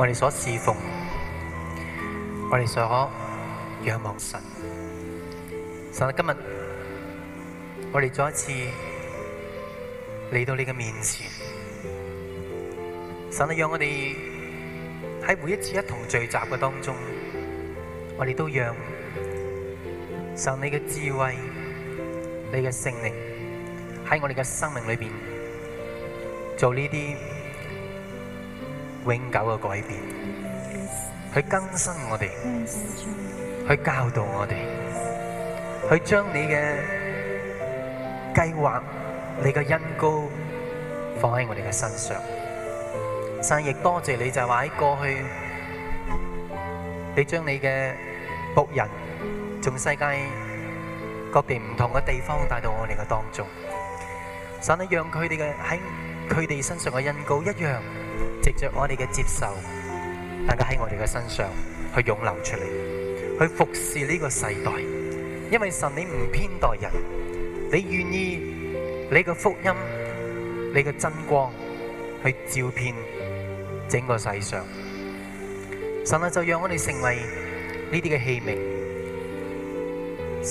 我哋所侍奉，我哋所仰望神。神啊，今日我哋再一次嚟到你嘅面前。神啊，你讓我哋喺每一次一同聚集嘅當中，我哋都讓受你嘅智慧、你嘅聖靈喺我哋嘅生命裏邊做呢啲。永久嘅改變，去更新我哋，去教導我哋，去將你嘅計劃、你嘅恩膏放喺我哋嘅身上。但亦多謝你，就係話喺過去，你將你嘅僕人從世界各地唔同嘅地方帶到我哋嘅當中，神你讓佢哋嘅喺佢哋身上嘅恩膏一樣。藉着我哋嘅接受，大家喺我哋嘅身上去湧流出嚟，去服侍呢個世代。因為神你唔偏待人，你願意你嘅福音、你嘅真光去照遍整個世上。神啊，就讓我哋成為呢啲嘅器皿，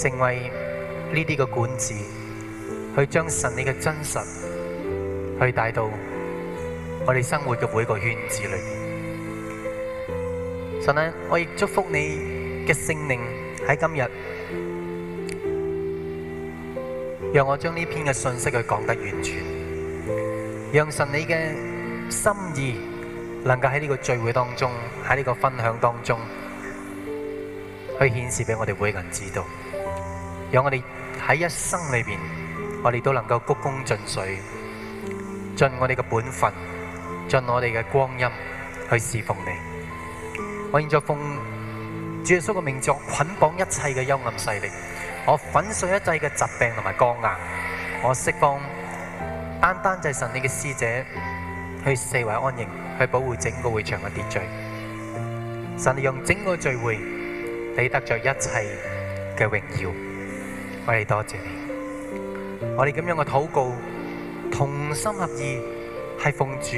成為呢啲嘅管子，去將神你嘅真實去帶到。我哋生活嘅每個圈子裏面，神啊，我亦祝福你嘅聖靈喺今日，讓我將呢篇嘅信息去講得完全，讓神你嘅心意能夠喺呢個聚會當中，喺呢個分享當中，去顯示俾我哋每個人知道，讓我哋喺一生裏面，我哋都能夠鞠躬盡瘁，盡我哋嘅本分。盡我哋嘅光陰去侍奉你，我現在奉主耶穌嘅名作捆綁一切嘅幽暗勢力，我粉碎一切嘅疾病同埋僵硬，我釋放單單就係神你嘅使者去四圍安營，去保護整個會場嘅秩序。神利用整個聚會你得着一切嘅榮耀，我哋多謝你。我哋咁樣嘅禱告同心合意，係奉主。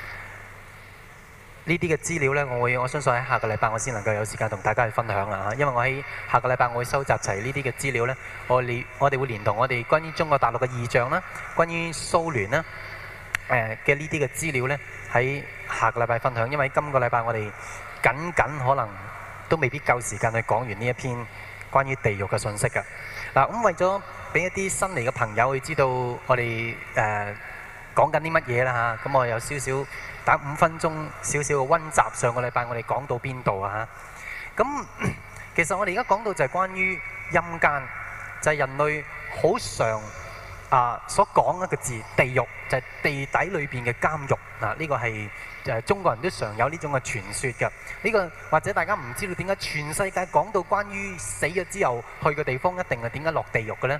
呢啲嘅資料呢，我會我相信喺下個禮拜我先能夠有時間同大家去分享啦吓，因為我喺下個禮拜，我會收集齊呢啲嘅資料呢，我連我哋會連同我哋關於中國大陸嘅異象啦，關於蘇聯啦，嘅呢啲嘅資料呢，喺下個禮拜分享，因為今個禮拜我哋僅僅可能都未必夠時間去講完呢一篇關於地獄嘅信息㗎。嗱，咁為咗俾一啲新嚟嘅朋友去知道我哋誒，呃講緊啲乜嘢啦吓？咁我有少少打五分鐘少少嘅溫習。上個禮拜我哋講到邊度啊？咁其實我哋而家講到就係關於陰間，就係人類好常啊所講一個字，地獄就係地底裏邊嘅監獄啊！呢個係誒中國人都常有呢種嘅傳說嘅。呢個或者大家唔知道點解全世界講到關於死咗之後去嘅地方一定係點解落地獄嘅呢？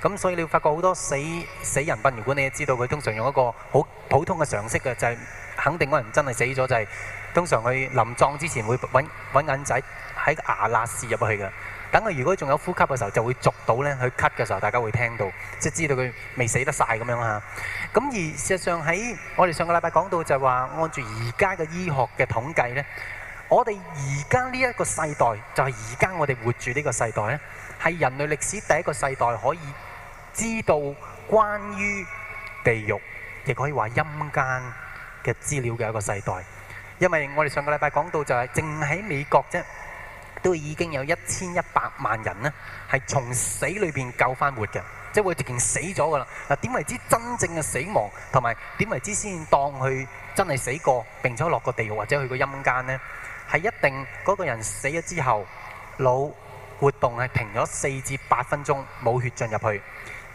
咁所以你會發覺好多死死人殯儀館，如果你知道佢通常用一個好普通嘅常識嘅，就係肯定嗰人真係死咗，就係通常佢臨葬之前會揾揾銀仔喺牙罅試入去㗎。等佢如果仲有呼吸嘅時候，就會逐到咧，佢咳嘅時候，大家會聽到，即係知道佢未死得晒咁樣嚇。咁而事實上喺我哋上個禮拜講到就係話，按住而家嘅醫學嘅統計咧，我哋而家呢一個世代就係而家我哋活住呢個世代咧，係人類歷史第一個世代可以。知道關於地獄，亦可以話陰間嘅資料嘅一個世代，因為我哋上個禮拜講到就係，淨喺美國啫，都已經有一千一百萬人咧，係從死裏邊救翻活嘅，即係佢直情死咗噶啦。嗱，點為之真正嘅死亡，同埋點為之先當佢真係死過，並且落個地獄或者去個陰間咧？係一定嗰個人死咗之後，腦活動係停咗四至八分鐘，冇血進入去，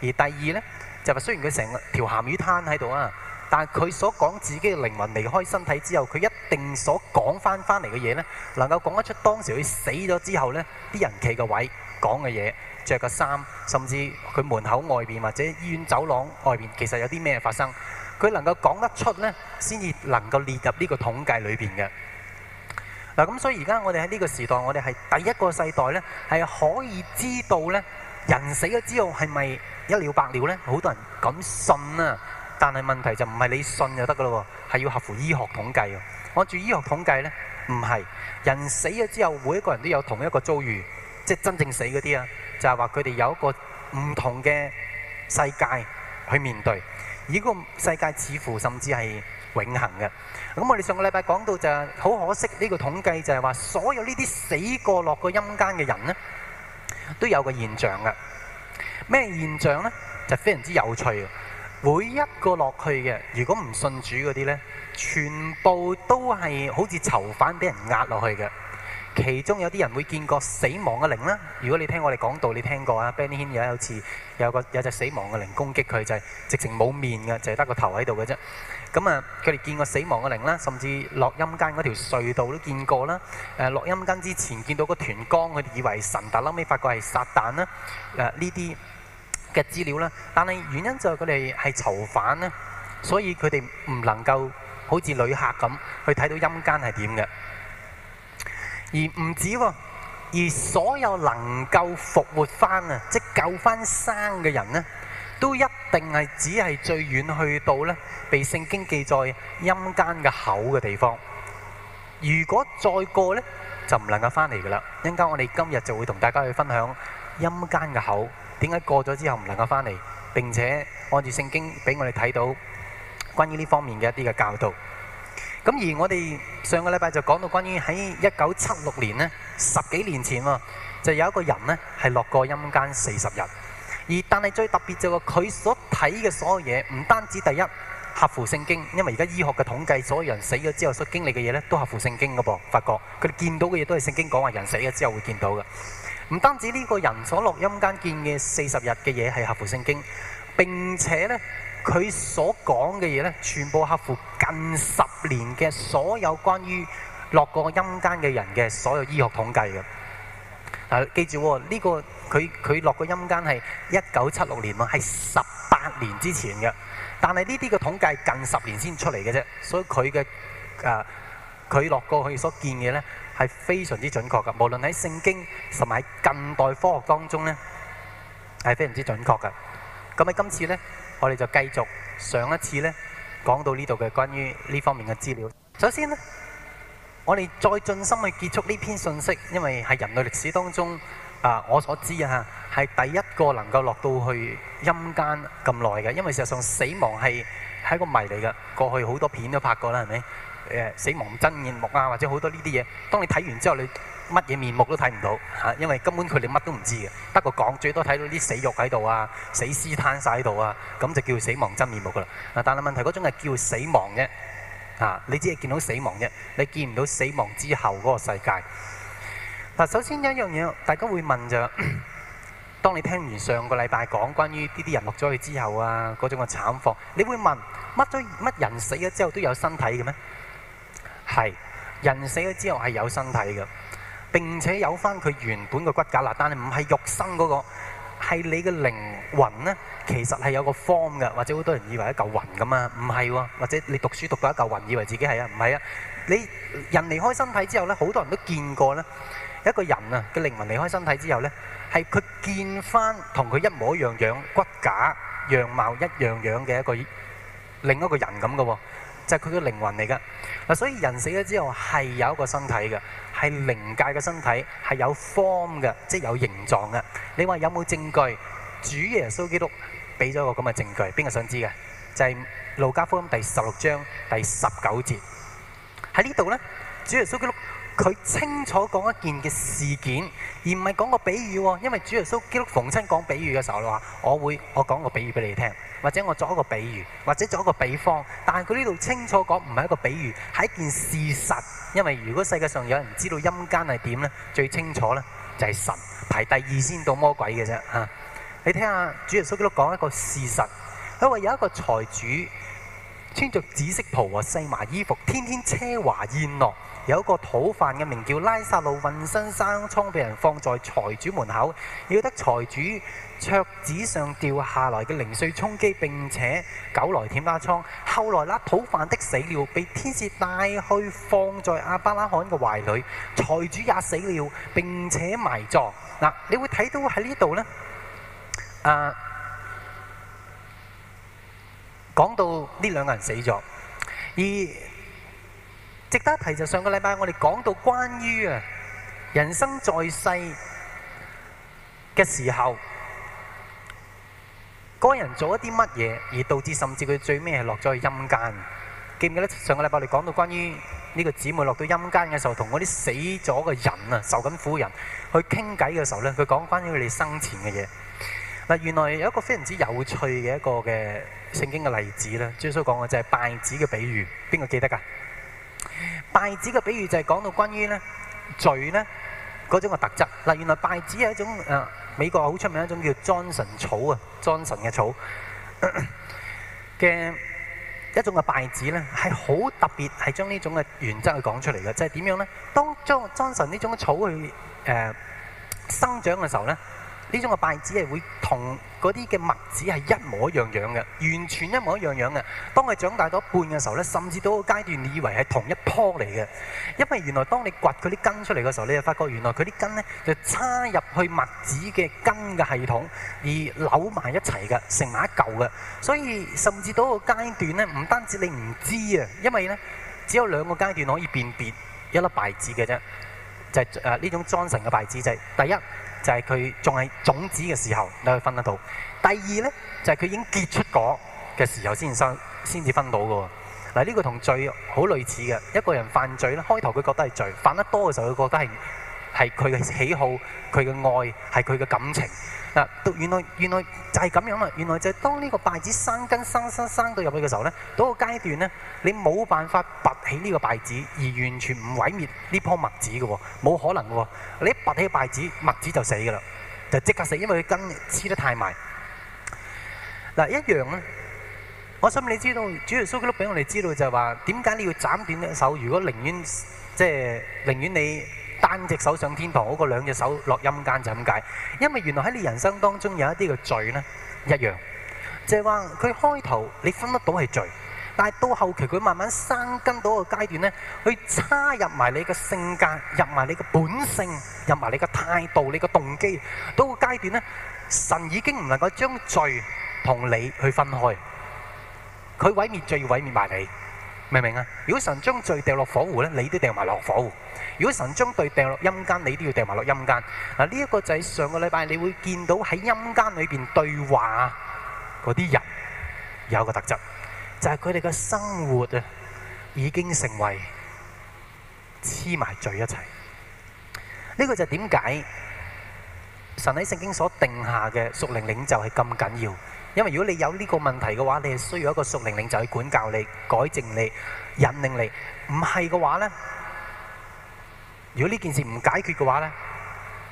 而第二呢，就係雖然佢成條鹹魚攤喺度啊，但係佢所講自己嘅靈魂離開身體之後，佢一定所講翻翻嚟嘅嘢呢，能夠講得出當時佢死咗之後呢，啲人企個位、講嘅嘢、著個衫，甚至佢門口外邊或者醫院走廊外邊，其實有啲咩發生，佢能夠講得出呢，先至能夠列入呢個統計裏邊嘅。嗱咁，所以而家我哋喺呢個時代，我哋係第一個世代呢，係可以知道呢。人死咗之後係咪一了百了呢？好多人噉信啊，但係問題就唔係你信就得噶咯喎，係要合乎醫學統計喎。按住醫學統計呢，唔係人死咗之後，每一個人都有同一個遭遇，即係真正死嗰啲啊，就係話佢哋有一個唔同嘅世界去面對，而這個世界似乎甚至係永恆嘅。咁我哋上個禮拜講到就係、是、好可惜，呢個統計就係話所有呢啲死過落過陰間嘅人呢。都有個現象噶，咩現象呢？就是、非常之有趣。每一個落去嘅，如果唔信主嗰啲呢，全部都係好似囚犯俾人壓落去嘅。其中有啲人會見過死亡嘅靈啦。如果你聽我哋講道，你聽過啊 Benny Hinn 有一次有個有隻死亡嘅靈攻擊佢，就係、是、直情冇面嘅，就係得個頭喺度嘅啫。咁啊，佢哋見過死亡嘅靈啦，甚至落陰間嗰條隧道都見過啦。誒，落陰間之前見到個團光，佢哋以為神，但臨尾發覺係撒旦啦。誒，呢啲嘅資料啦，但係原因就係佢哋係囚犯啦，所以佢哋唔能夠好似旅客咁去睇到陰間係點嘅。而唔止喎，而所有能夠復活翻啊，即救翻生嘅人呢。都一定係只係最遠去到呢，被聖經記載陰間嘅口嘅地方。如果再過呢，就唔能夠返嚟噶啦。陣間我哋今日就會同大家去分享陰間嘅口點解過咗之後唔能夠返嚟。並且按住聖經俾我哋睇到關於呢方面嘅一啲嘅教導。咁而我哋上個禮拜就講到關於喺一九七六年呢，十幾年前喎，就有一個人呢係落過陰間四十日。而但係最特別就係佢所睇嘅所有嘢，唔單止第一合乎聖經，因為而家醫學嘅統計，所有人死咗之後所經歷嘅嘢咧，都合乎聖經嘅噃。發覺佢哋見到嘅嘢都係聖經講話人死咗之後會見到嘅。唔單止呢個人所落陰間見嘅四十日嘅嘢係合乎聖經，並且咧佢所講嘅嘢咧，全部合乎近十年嘅所有關於落過陰間嘅人嘅所有醫學統計嘅。啊，記住呢個。佢佢落個陰間係一九七六年喎，係十八年之前嘅。但係呢啲嘅統計近十年先出嚟嘅啫，所以佢嘅誒佢落過去所見嘅呢係非常之準確嘅，無論喺聖經同埋近代科學當中呢係非常之準確嘅。咁喺，今次呢我哋就繼續上一次呢講到呢度嘅關於呢方面嘅資料。首先呢，我哋再盡心去結束呢篇信息，因為係人類歷史當中。啊！我所知啊，係第一個能夠落到去陰間咁耐嘅，因為事實上死亡係係一個謎嚟嘅。過去好多片都拍過啦，係咪？誒，死亡真面目啊，或者好多呢啲嘢。當你睇完之後，你乜嘢面目都睇唔到嚇，因為根本佢哋乜都唔知嘅，得個講最多睇到啲死肉喺度啊，死屍攤晒喺度啊，咁就叫死亡真面目㗎啦。但係問題嗰種係叫死亡啫，嚇你只係見到死亡啫，你見唔到死亡之後嗰個世界。嗱，首先有一樣嘢，大家會問就：當你聽完上個禮拜講關於呢啲人落咗去之後啊，嗰種嘅慘況，你會問乜都乜人死咗之後都有身體嘅咩？係人死咗之後係有身體嘅，並且有翻佢原本嘅骨架啦，但係唔係肉身嗰個，係你嘅靈魂咧，其實係有個方嘅，或者好多人以為一嚿雲咁啊，唔係喎，或者你讀書讀到一嚿雲，以為自己係啊，唔係啊，你人離開身體之後咧，好多人都見過咧。一個人啊，嘅靈魂離開身體之後咧，係佢見翻同佢一模一樣樣骨架、樣貌一樣樣嘅一個另一個人咁嘅喎，就係佢嘅靈魂嚟噶。嗱，所以人死咗之後係有一個身體嘅，係靈界嘅身體，係有 form 嘅，即係有形狀嘅。你話有冇證據？主耶穌基督俾咗一個咁嘅證據，邊個想知嘅？就係路加福音第十六章第十九節，喺呢度咧，主耶穌基督。佢清楚講一件嘅事件，而唔係講個比喻喎。因為主耶穌基督逢親講比喻嘅時候，你話：我會我講個比喻俾你聽，或者我作一個比喻，或者作一個比方。但係佢呢度清楚講，唔係一個比喻，係一件事實。因為如果世界上有人知道陰間係點呢，最清楚呢就係神排第二先到魔鬼嘅啫嚇。你聽下主耶穌基督講一個事實，佢話有一個財主穿着紫色袍和細麻衣服，天天奢華宴樂。有個討飯嘅名叫拉撒路，渾身生瘡，俾人放在財主門口，要得財主桌子上掉下來嘅零碎充飢，並且狗來舔加瘡。後來那，討飯的死了，被天使帶去放在亞伯拉罕嘅懷裏。財主也死了，並且埋葬。嗱、啊，你會睇到喺呢度呢，誒、啊、講到呢兩個人死咗，而值得一提就上個禮拜我哋講到關於啊人生在世嘅時候，個人做一啲乜嘢而導致甚至佢最尾係落咗去陰間，記唔記得上個禮拜我哋講到關於呢個姊妹落到陰間嘅時候，同嗰啲死咗嘅人啊受緊苦人去傾偈嘅時候咧，佢講關於佢哋生前嘅嘢嗱，原來有一個非常之有趣嘅一個嘅聖經嘅例子呢耶穌講嘅就係、是、敗子嘅比喻，邊個記得噶？稗子嘅比喻就係講到關於咧罪咧嗰種嘅特質。嗱，原來稗子係一種誒、啊，美國好出名的一種叫 Johnson 草啊，Johnson 嘅草嘅、嗯、一種嘅稗子咧，係好特別，係將呢種嘅原則去講出嚟嘅。即係、是、點樣咧？當將 Johnson 呢種草去誒、呃、生長嘅時候咧。呢種嘅稗子係會同嗰啲嘅麥子係一模一樣樣嘅，完全一模一樣樣嘅。當佢長大咗一半嘅時候呢，甚至到個階段，你以為係同一棵嚟嘅，因為原來當你掘佢啲根出嚟嘅時候，你就發覺原來佢啲根呢就插入去麥子嘅根嘅系統而扭埋一齊嘅，成埋一嚿嘅。所以甚至到個階段呢，唔單止你唔知啊，因為呢，只有兩個階段可以辨別一粒稗子嘅啫，就係、係、呢、呃、種裝神嘅稗子、就係，就係第一。就係佢仲係種子嘅時候，你可以分得到。第二呢，就係、是、佢已經結出果嘅時候先收，先至分到嘅。嗱，呢個同罪好類似嘅。一個人犯罪呢，開頭佢覺得係罪，犯得多嘅時候佢覺得係係佢嘅喜好，佢嘅愛，係佢嘅感情。嗱，原來原來就係咁樣啊。原來就係當呢個稗子生根生生生，生到入去嘅時候咧，嗰個階段咧，你冇辦法拔起呢個稗子，而完全唔毀滅呢樖麥子嘅喎，冇可能嘅喎。你一拔起稗子，麥子就死嘅啦，就即刻死，因為佢根黐得太埋。嗱，一樣咧，我想你知道，主耶穌基督俾我哋知道就係話，點解你要斬斷隻手？如果寧願即係寧願你。單隻手上天堂，嗰個兩隻手落陰間就咁解。因為原來喺你人生當中有一啲嘅罪呢一樣，就係話佢開頭你分得到係罪，但係到後期佢慢慢生根到個階段呢，去插入埋你嘅性格，入埋你嘅本性，入埋你嘅態度，你嘅動機，到個階段呢，神已經唔能夠將罪同你去分開，佢毀滅罪要毀滅埋你，明唔明啊？如果神將罪掉落火湖呢，你都掉埋落火湖。如果神將對掟落陰間，你都要掟埋落陰間。嗱，呢一個就係上個禮拜你會見到喺陰間裏邊對話嗰啲人有個特質，就係佢哋嘅生活啊，已經成為黐埋聚一齊。呢個就係點解神喺聖經所定下嘅屬靈領袖係咁緊要？因為如果你有呢個問題嘅話，你係需要一個屬靈領袖去管教你、改正你、引領你。唔係嘅話呢？如果呢件事唔解決嘅話呢，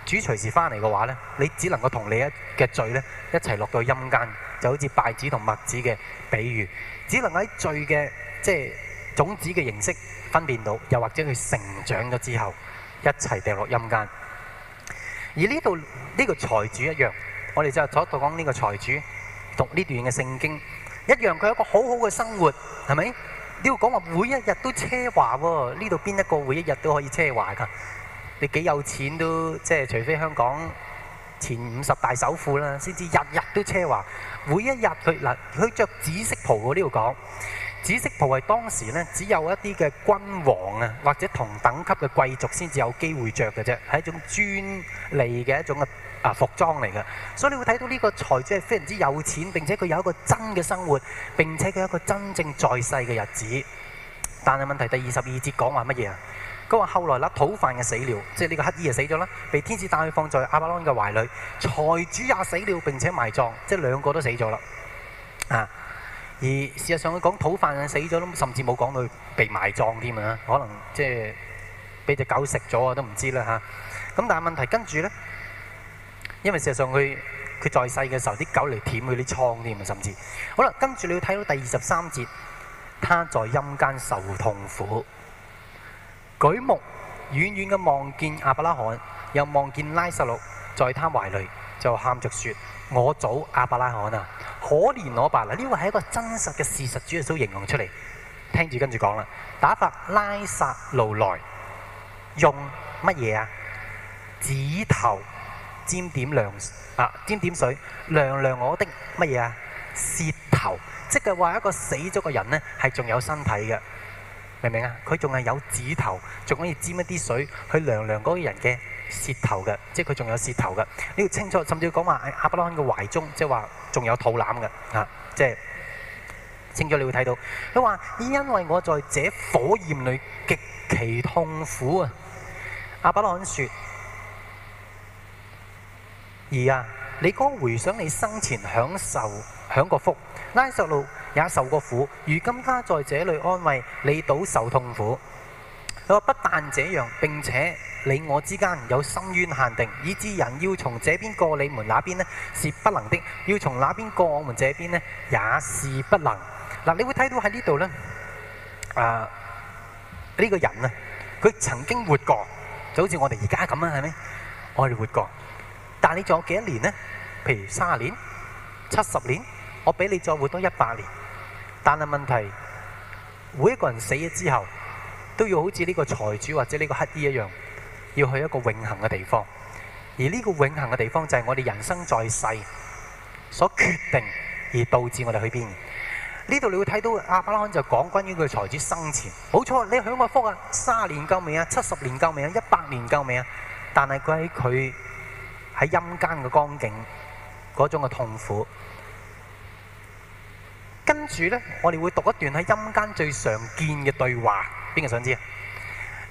主隨時翻嚟嘅話呢，你只能夠同你一嘅罪呢一齊落到陰間，就好似稗子同麥子嘅比喻，只能喺罪嘅即係種子嘅形式分辨到，又或者佢成長咗之後一齊掉落陰間。而呢度呢個財主一樣，我哋就所講呢個財主讀呢段嘅聖經一樣，佢有一個好好嘅生活，係咪？呢度講話每一日都奢華喎，呢度邊一個每一日都可以奢華㗎？你幾有錢都即係，除非香港前五十大首富啦，先至日日都奢華。每一日佢嗱，佢著紫色袍，呢度講紫色袍係當時呢，只有一啲嘅君王啊，或者同等級嘅貴族先至有機會着嘅啫，係一種專利嘅一種啊。啊，服裝嚟嘅，所以你會睇到呢個財主係非常之有錢，並且佢有一個真嘅生活，並且佢有一個真正在世嘅日子。但係問題是第二十二節講話乜嘢啊？佢話後來嗱，討飯嘅死了，即係呢個乞兒啊死咗啦，被天使帶去放在亞伯拉罕嘅懷裡。財主也死了並且埋葬，即係兩個都死咗啦。啊，而事實上佢講討飯死咗，甚至冇講到佢被埋葬添啊，可能即係俾隻狗食咗啊，都唔知啦嚇。咁但係問題跟住呢。因為事實上佢佢在世嘅時候，啲狗嚟舔佢啲瘡添啊，甚至好啦，跟住你要睇到第二十三節，他在陰間受痛苦，舉目遠遠嘅望見亞伯拉罕，又望見拉撒路在他懷裡，就喊着説：我祖亞伯拉罕啊！可憐我吧！嗱，呢個係一個真實嘅事實，主要所形容出嚟。聽住跟住講啦，打發拉撒路來，用乜嘢啊？指頭。沾點涼啊！沾點水，涼涼我的乜嘢啊？舌頭，即係話一個死咗嘅人呢，係仲有身體嘅，明唔明啊？佢仲係有指頭，仲可以沾一啲水去涼涼嗰個人嘅舌頭嘅，即係佢仲有舌頭嘅。你要清楚，甚至講話亞伯拉罕嘅懷中，即係話仲有肚腩嘅啊！即係清楚，你會睇到佢話，因為我在這火焰裏極其痛苦啊！亞伯拉罕說。兒啊，你該回想你生前享受享過福，拉撒路也受過苦。如今他在這裏安慰你，倒受痛苦。佢話，不但這樣，並且你我之間有深淵限定，以致人要從這邊過，你們那邊呢，是不能的，要從那邊過，我們這邊呢，也是不能。嗱、啊，你會睇到喺呢度咧，啊、呃、呢、呢個人啊，佢曾經活過，就好似我哋而家咁啊，係咪我哋活過。但你仲有幾多年呢？譬如三十年、七十年，我俾你再活多一百年。但係問題是，每一個人死咗之後，都要好似呢個財主或者呢個乞兒一樣，要去一個永恆嘅地方。而呢個永恆嘅地方就係我哋人生在世所決定而導致我哋去邊。呢度你會睇到亞伯拉罕就講關於佢財主生前，冇錯，你享過福啊！三十年夠未啊？七十年夠未啊？一百年夠未啊？但係佢喺佢。喺陰間嘅光景，嗰種嘅痛苦。跟住呢，我哋會讀一段喺陰間最常見嘅對話。邊個想知？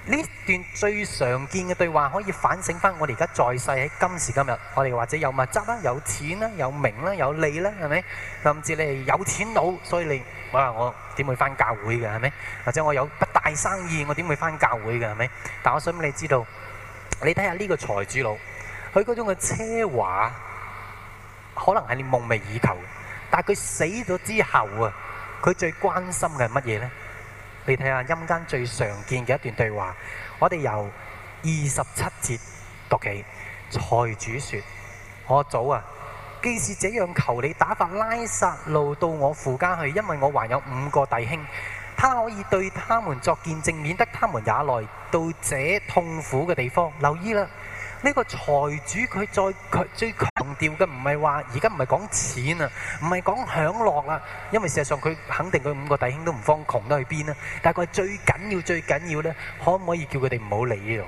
呢段最常見嘅對話可以反省翻我哋而家在世喺今時今日，我哋或者有物質啦，有錢啦，有名啦，有利啦，係咪？甚至你係有錢佬，所以你話，我點會翻教會嘅係咪？或者我有大生意，我點會翻教會嘅係咪？但我想俾你知道，你睇下呢個財主佬。佢嗰種嘅奢華，可能係你夢寐以求嘅，但係佢死咗之後啊，佢最關心嘅係乜嘢呢？你睇下陰間最常見嘅一段對話，我哋由二十七節讀起。財主說：「我祖啊，既是這樣，求你打發拉撒路到我父家去，因為我還有五個弟兄，他可以對他們作見證，免得他們也來到這痛苦嘅地方。」留意啦。呢、這個財主佢再最強調嘅唔係話，而家唔係講錢啊，唔係講享樂啊，因為事實上佢肯定佢五個弟兄都唔方窮得去邊啊。但係佢最緊要、最緊要呢，可唔可以叫佢哋唔好嚟呢度？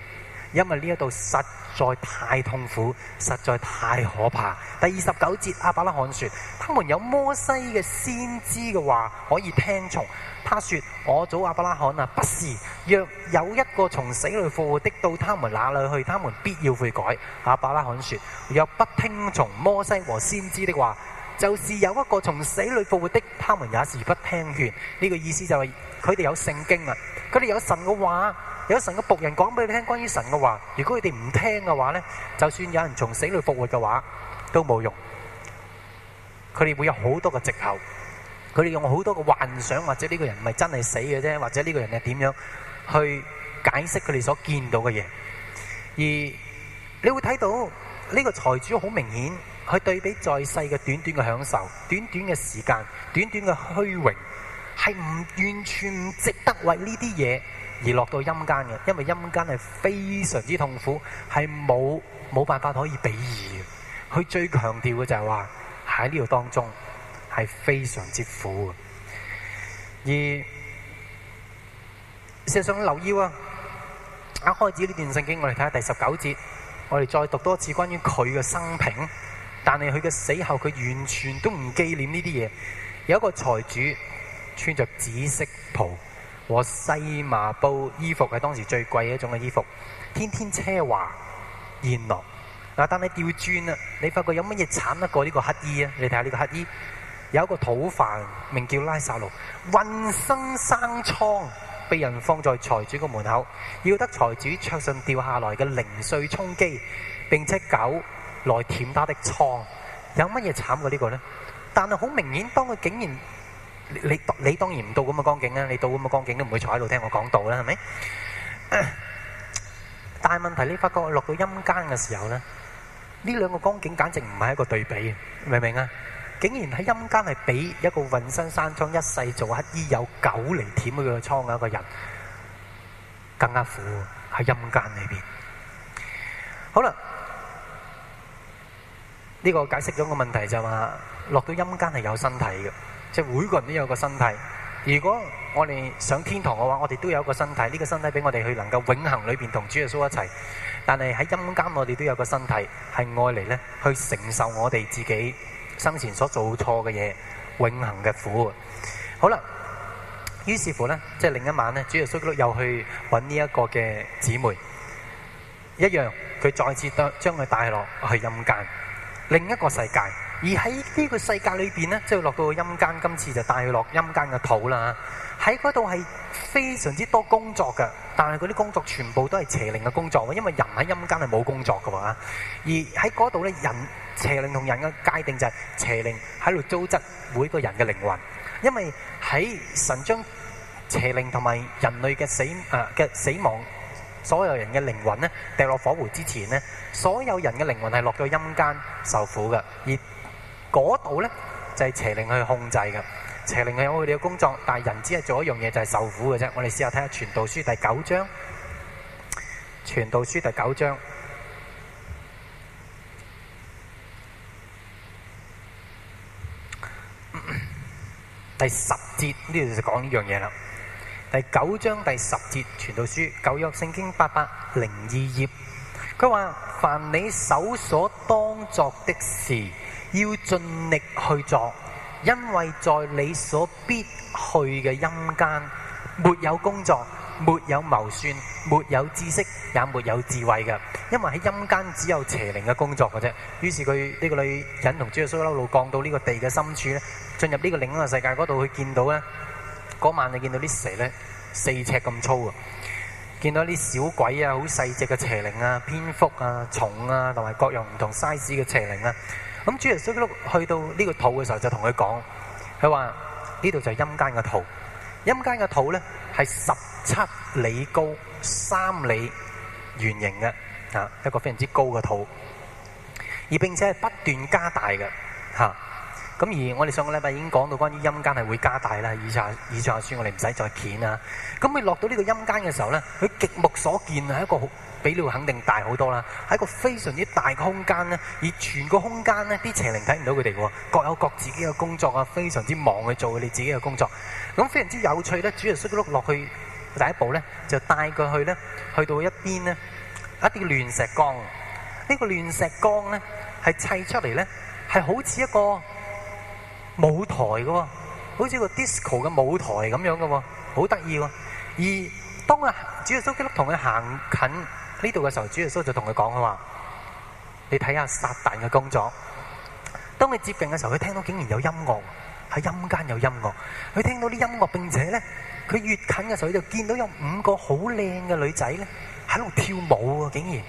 因為呢一度實在太痛苦，實在太可怕。第二十九節阿伯拉罕説：他們有摩西嘅先知嘅話可以聽從。他說：我祖亞伯拉罕啊，不是若有一個從死裏復活的到他們那裏去，他們必要悔改。亞伯拉罕說：若不聽從摩西和先知的話，就是有一個從死裏復活的，他們也是不聽勸。呢、這個意思就係佢哋有聖經啊，佢哋有神嘅話，有神嘅僕人講俾你聽關於神嘅話。如果佢哋唔聽嘅話呢，就算有人從死裏復活嘅話，都冇用。佢哋會有好多嘅借口。佢哋用好多嘅幻想，或者呢個人唔係真係死嘅啫，或者呢個人係點樣去解釋佢哋所見到嘅嘢？而你會睇到呢個財主好明顯去對比在世嘅短短嘅享受、短短嘅時間、短短嘅虛榮，係唔完全唔值得為呢啲嘢而落到陰間嘅，因為陰間係非常之痛苦，係冇冇辦法可以比擬。佢最強調嘅就係話喺呢度當中。係非常之苦嘅。而事實上，留意啊，一開始呢段聖經，我哋睇下第十九節，我哋再讀多次關於佢嘅生平。但係佢嘅死後，佢完全都唔紀念呢啲嘢。有一個財主，穿着紫色袍和細麻布衣服，係當時最貴嘅一種嘅衣服，天天奢華宴樂。嗱，但你調轉啊，你發覺有乜嘢慘得過呢個乞兒啊？你睇下呢個乞兒。有一個討飯名叫拉撒路，渾身生瘡，被人放在財主嘅門口，要得財主桌上掉下來嘅零碎充飢，並且狗來舔他的瘡。有乜嘢慘過呢個呢？但係好明顯，當佢竟然你你，你當然唔到咁嘅光景啦，你到咁嘅光景都唔會坐喺度聽我講道啦，係咪？但係問題，你發覺落到陰間嘅時候呢，呢兩個光景簡直唔係一個對比，明唔明啊？竟然喺陰間係俾一個渾身山瘡，一世做乞衣，有狗嚟舔佢個瘡嘅一個人，更加苦喺陰間裏邊。好啦，呢個解釋咗個問題就係話，落到陰間係有身體嘅，即係每個人都有個身體。如果我哋上天堂嘅話，我哋都有個身體，呢個身體俾我哋去能夠永恆裏邊同主耶穌一齊。但係喺陰間，我哋都有個身體，係愛嚟咧，去承受我哋自己，生前所做錯嘅嘢，永恆嘅苦。好啦，於是乎呢，即係另一晚呢，主耶穌基督又去揾呢一個嘅姊妹，一樣佢再次帶將佢帶落去陰間，另一個世界。而喺呢個世界裏邊呢，即係落到陰間，今次就帶佢落陰間嘅土啦。喺嗰度係非常之多工作嘅，但係嗰啲工作全部都係邪靈嘅工作，因為人喺陰間係冇工作嘅嘛，而喺嗰度呢，人。邪靈同人嘅界定就係邪靈喺度糟質每個人嘅靈魂，因為喺神將邪靈同埋人類嘅死誒嘅、呃、死亡，所有人嘅靈魂呢，掉落火湖之前呢，所有人嘅靈魂係落咗陰間受苦嘅，而嗰度呢，就係、是、邪靈去控制嘅，邪靈佢有佢哋嘅工作，但係人只係做一樣嘢就係受苦嘅啫。我哋試下睇下《傳道書》第九章，《傳道書》第九章。第十節呢度就講呢樣嘢啦。第九章第十節《傳道書》，舊約聖經八百零二頁，佢話：凡你手所當作的事，要盡力去做，因為在你所必去嘅陰間，沒有工作。沒有謀算，沒有知識，也沒有智慧嘅。因為喺陰間只有邪靈嘅工作嘅啫。於是佢呢個女人同主耶穌一路降到呢個地嘅深處咧，進入呢個另一個世界嗰度去見到咧，嗰晚你見到啲蛇咧，四尺咁粗啊，見到啲小鬼啊，好細隻嘅邪靈啊、蝙蝠啊、蟲啊，同埋各樣唔同 size 嘅邪靈啊。咁主耶穌一路去到呢個土嘅時候，就同佢講，佢話呢度就係陰間嘅土，陰間嘅土咧係十七里高三里圓形嘅一個非常之高嘅肚，而並且係不斷加大嘅吓。咁、啊、而我哋上個禮拜已經講到關於陰間係會加大啦，以下以我哋唔使再鉗啦。咁你落到呢個陰間嘅時候咧，佢極目所見係一個比你會肯定大好多啦，係一個非常之大嘅空間咧。而全個空間咧，啲邪靈睇唔到佢哋各有各自己嘅工作啊，非常之忙去做佢哋自己嘅工作。咁非常之有趣咧，主耶穌一路落去。第一步咧，就帶過去咧，去到一邊咧，一啲亂石崗。呢、這個亂石崗咧，係砌出嚟咧，係好似一個舞台嘅、哦，好似個 disco 嘅舞台咁樣嘅、哦，好得意喎。而當佢主耶穌基督同佢行近呢度嘅時候，主耶穌就同佢講佢話，你睇下撒旦嘅工作。當佢接近嘅時候，佢聽到竟然有音樂，喺陰間有音樂，佢聽到啲音樂，並且咧。佢越近嘅時候就見到有五個好靚嘅女仔咧，喺度跳舞啊。竟然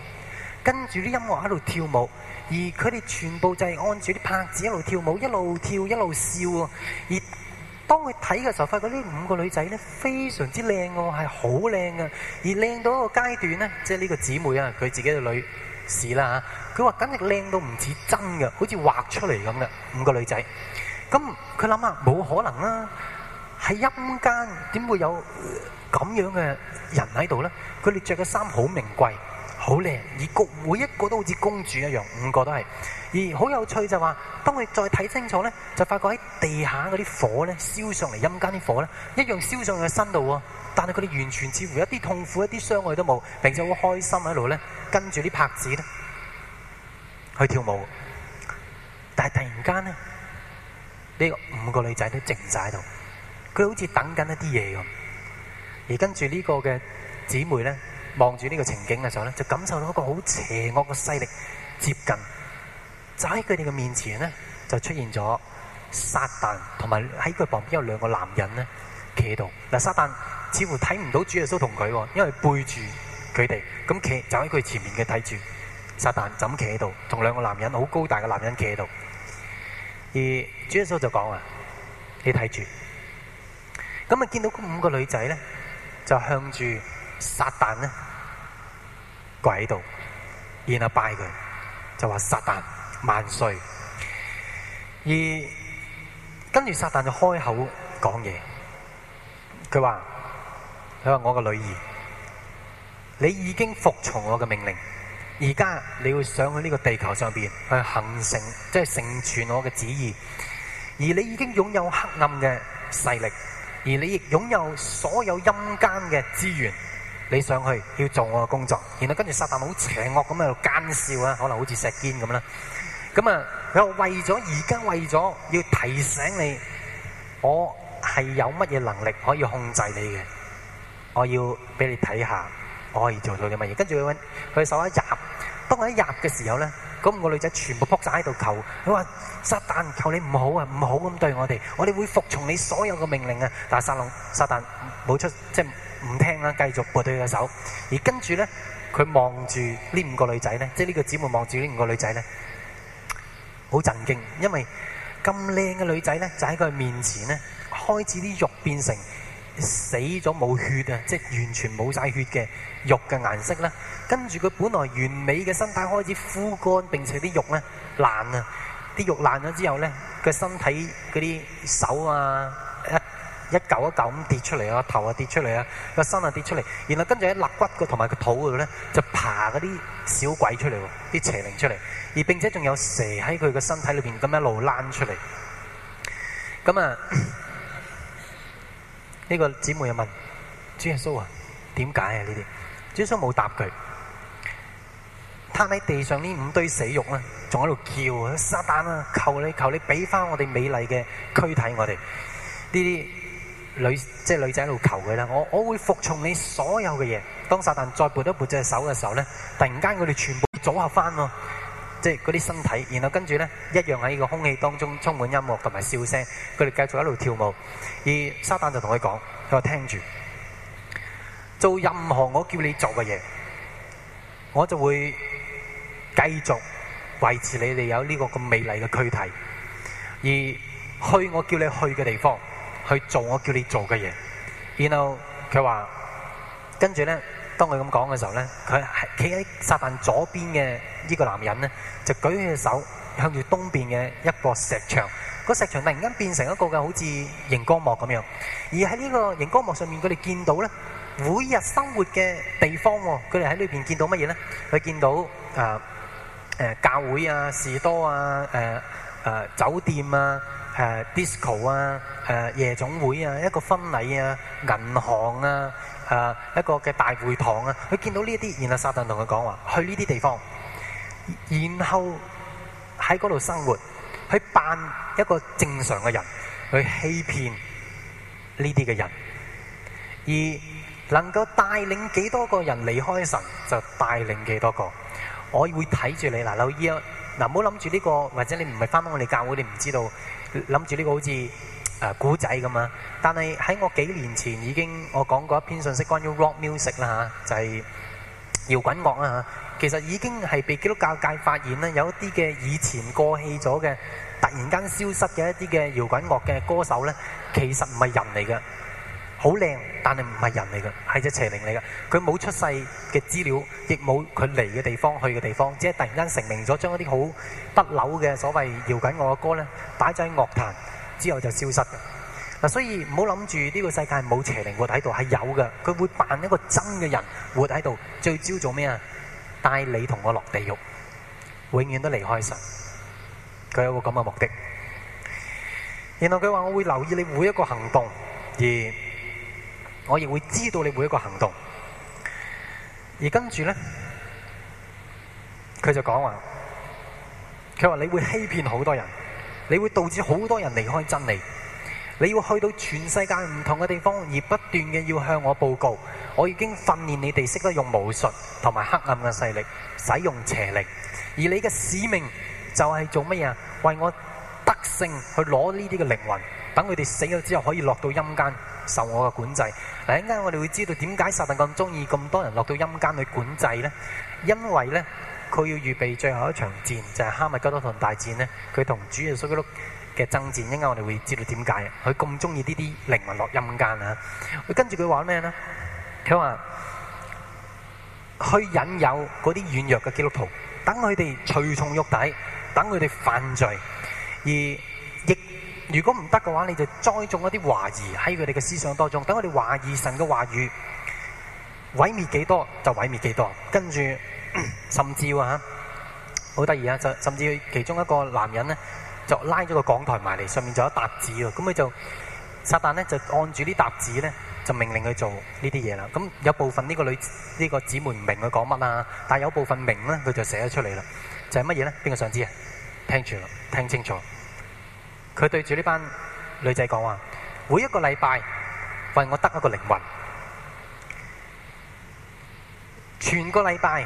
跟住啲音樂喺度跳舞，而佢哋全部就係按住啲拍子一路跳舞，一路跳一路笑喎、啊。而當佢睇嘅時候，發覺呢五個女仔咧，非常之靚喎，係好靚啊。而靚到一個階段咧，即係呢個姊妹啊，佢自己嘅女士啦、啊、嚇，佢話梗係靚到唔似真嘅，好似畫出嚟咁嘅五個女仔。咁佢諗下冇可能啦、啊！喺陰間點會有咁樣嘅人喺度咧？佢哋着嘅衫好名貴，好靚，而每每一個都好似公主一樣，五個都係。而好有趣就話，當佢再睇清楚咧，就發覺喺地下嗰啲火咧，燒上嚟，陰間啲火咧，一樣燒上佢身度喎。但係佢哋完全似乎一啲痛苦、一啲傷害都冇，並且好開心喺度咧，跟住啲拍子咧去跳舞。但係突然間咧，呢個五個女仔都靜曬喺度。佢好似等緊一啲嘢咁，而跟住呢個嘅姊妹咧，望住呢個情景嘅時候咧，就感受到一個好邪惡嘅勢力接近，就喺佢哋嘅面前咧，就出現咗撒旦，同埋喺佢旁邊有兩個男人咧，企喺度。嗱，撒旦似乎睇唔到主耶穌同佢喎，因為背住佢哋，咁企就喺佢前面嘅睇住撒旦就，就咁企喺度，同兩個男人好高大嘅男人企喺度。而主耶穌就講啊：你睇住。咁啊！見到嗰五個女仔咧，就向住撒旦咧跪喺度，然後拜佢，就話撒旦萬歲。而跟住撒旦就開口講嘢，佢話：佢話我個女兒，你已經服從我嘅命令，而家你要上去呢個地球上邊去行成，即係成全我嘅旨意。而你已經擁有黑暗嘅勢力。而你亦擁有所有陰間嘅資源，你上去要做我嘅工作。然後跟住撒旦好邪惡咁喺度奸笑啦，可能好似石堅咁啦。咁啊，佢話為咗而家為咗要提醒你，我係有乜嘢能力可以控制你嘅。我要俾你睇下，我可以做到啲乜嘢。跟住佢揾佢手一入，當我一入嘅時候咧。咁五個女仔全部撲曬喺度求，佢話，撒旦，求你唔好啊，唔好咁對我哋，我哋會服從你所有嘅命令啊！但係撒隆撒旦冇出，即係唔聽啦，繼續撥佢嘅手。而跟住咧，佢望住呢五個女仔咧，即係呢個姊妹望住呢五個女仔咧，好震驚，因為咁靚嘅女仔咧，就喺佢面前咧，開始啲肉變成死咗冇血啊！即係完全冇晒血嘅肉嘅顏色啦。跟住佢本來完美嘅身體開始枯乾，並且啲肉呢爛啊！啲肉爛咗之後呢，佢身體嗰啲手啊一一嚿一嚿咁跌出嚟啊，頭啊跌出嚟啊，個身啊跌出嚟。然後跟住喺肋骨個同埋個肚嗰度呢，就爬嗰啲小鬼出嚟，啲邪靈出嚟。而並且仲有蛇喺佢嘅身體裏邊咁一路躝出嚟。咁啊～ 呢、這個姊妹又問：主耶穌啊，點解啊？呢啲，主耶穌冇答佢，攤喺地上呢五堆死肉啦，仲喺度叫，啊，撒旦啊，求你求你俾翻我哋美麗嘅軀體我哋，呢啲女即係女仔喺度求佢啦。我我會服從你所有嘅嘢。當撒旦再撥一撥隻手嘅時候咧，突然間佢哋全部組合翻喎。即係嗰啲身體，然後跟住咧一樣喺呢個空氣當中充滿音樂同埋笑聲，佢哋繼續喺度跳舞。而沙旦就同佢講：佢話聽住，做任何我叫你做嘅嘢，我就會繼續維持你哋有呢個咁美麗嘅軀體。而去我叫你去嘅地方去做我叫你做嘅嘢。然後佢話：跟住咧。當佢咁講嘅時候咧，佢係企喺撒但左邊嘅呢個男人咧，就舉起手向住東邊嘅一個石牆，嗰石牆突然間變成一個嘅好似熒光幕咁樣。而喺呢個熒光幕上面，佢哋見到咧，每日生活嘅地方喎，佢哋喺裏邊見到乜嘢咧？佢見到誒誒教會啊、士多啊、誒誒酒店啊、誒 disco 啊、誒夜總會啊、一個婚禮啊、銀行啊。誒一個嘅大會堂啊！佢見到呢啲，然後撒旦同佢講話，去呢啲地方，然後喺嗰度生活，去扮一個正常嘅人，去欺騙呢啲嘅人，而能夠帶領幾多個人離開神，就帶領幾多個。我會睇住你嗱，留意啊嗱，唔好諗住呢個，或者你唔係翻到我哋教會，你唔知道諗住呢個好似古仔咁啊！但係喺我幾年前已經，我講過一篇信息關於 rock music 啦嚇、啊，就係搖滾樂啦嚇。其實已經係被基督教界發現啦，有一啲嘅以前過氣咗嘅，突然間消失嘅一啲嘅搖滾樂嘅歌手呢，其實唔係人嚟嘅，好靚，但係唔係人嚟嘅，係隻邪靈嚟嘅。佢冇出世嘅資料，亦冇佢嚟嘅地方、去嘅地方，即係突然間成名咗，將一啲好不朽嘅所謂搖滾樂嘅歌呢擺咗喺樂壇。之後就消失嘅嗱，所以唔好諗住呢個世界冇邪靈活喺度，係有嘅。佢會扮一個真嘅人活喺度，最焦做咩啊？帶你同我落地獄，永遠都離開神。佢有一個咁嘅目的。然後佢話我會留意你每一個行動，而我亦會知道你每一個行動。而跟住咧，佢就講話，佢話你會欺騙好多人。你會導致好多人離開真理。你要去到全世界唔同嘅地方，而不斷嘅要向我報告。我已經訓練你哋識得用巫術同埋黑暗嘅勢力，使用邪力。而你嘅使命就係做乜嘢？為我得勝去攞呢啲嘅靈魂，等佢哋死咗之後可以落到陰間受我嘅管制。嗱，一陣間我哋會知道點解撒但咁中意咁多人落到陰間去管制呢？因為呢。佢要預備最後一場戰，就係、是、哈密加多頓大戰呢。佢同主耶穌基督嘅爭戰，應該我哋會知道點解。佢咁中意呢啲靈魂落陰間啊！跟住佢玩咩呢？佢話去引誘嗰啲軟弱嘅基督徒，等佢哋隨從喐底，等佢哋犯罪。而亦如果唔得嘅話，你就栽種一啲懷疑喺佢哋嘅思想當中，等佢哋懷疑神嘅話語，毀滅幾多就毀滅幾多。跟住。甚至話吓，好得意啊！就甚至佢其中一個男人呢，就拉咗個講台埋嚟，上面有一就有笪紙啊。咁佢就撒旦呢，就按住啲笪紙呢，就命令佢做呢啲嘢啦。咁有部分呢個女呢、呢個姊妹唔明佢講乜啊，但係有部分明、就是、呢，佢就寫咗出嚟啦。就係乜嘢呢？邊個想知啊？聽住啦，聽清楚。佢對住呢班女仔講話：，每一個禮拜，為我得一個靈魂，全個禮拜。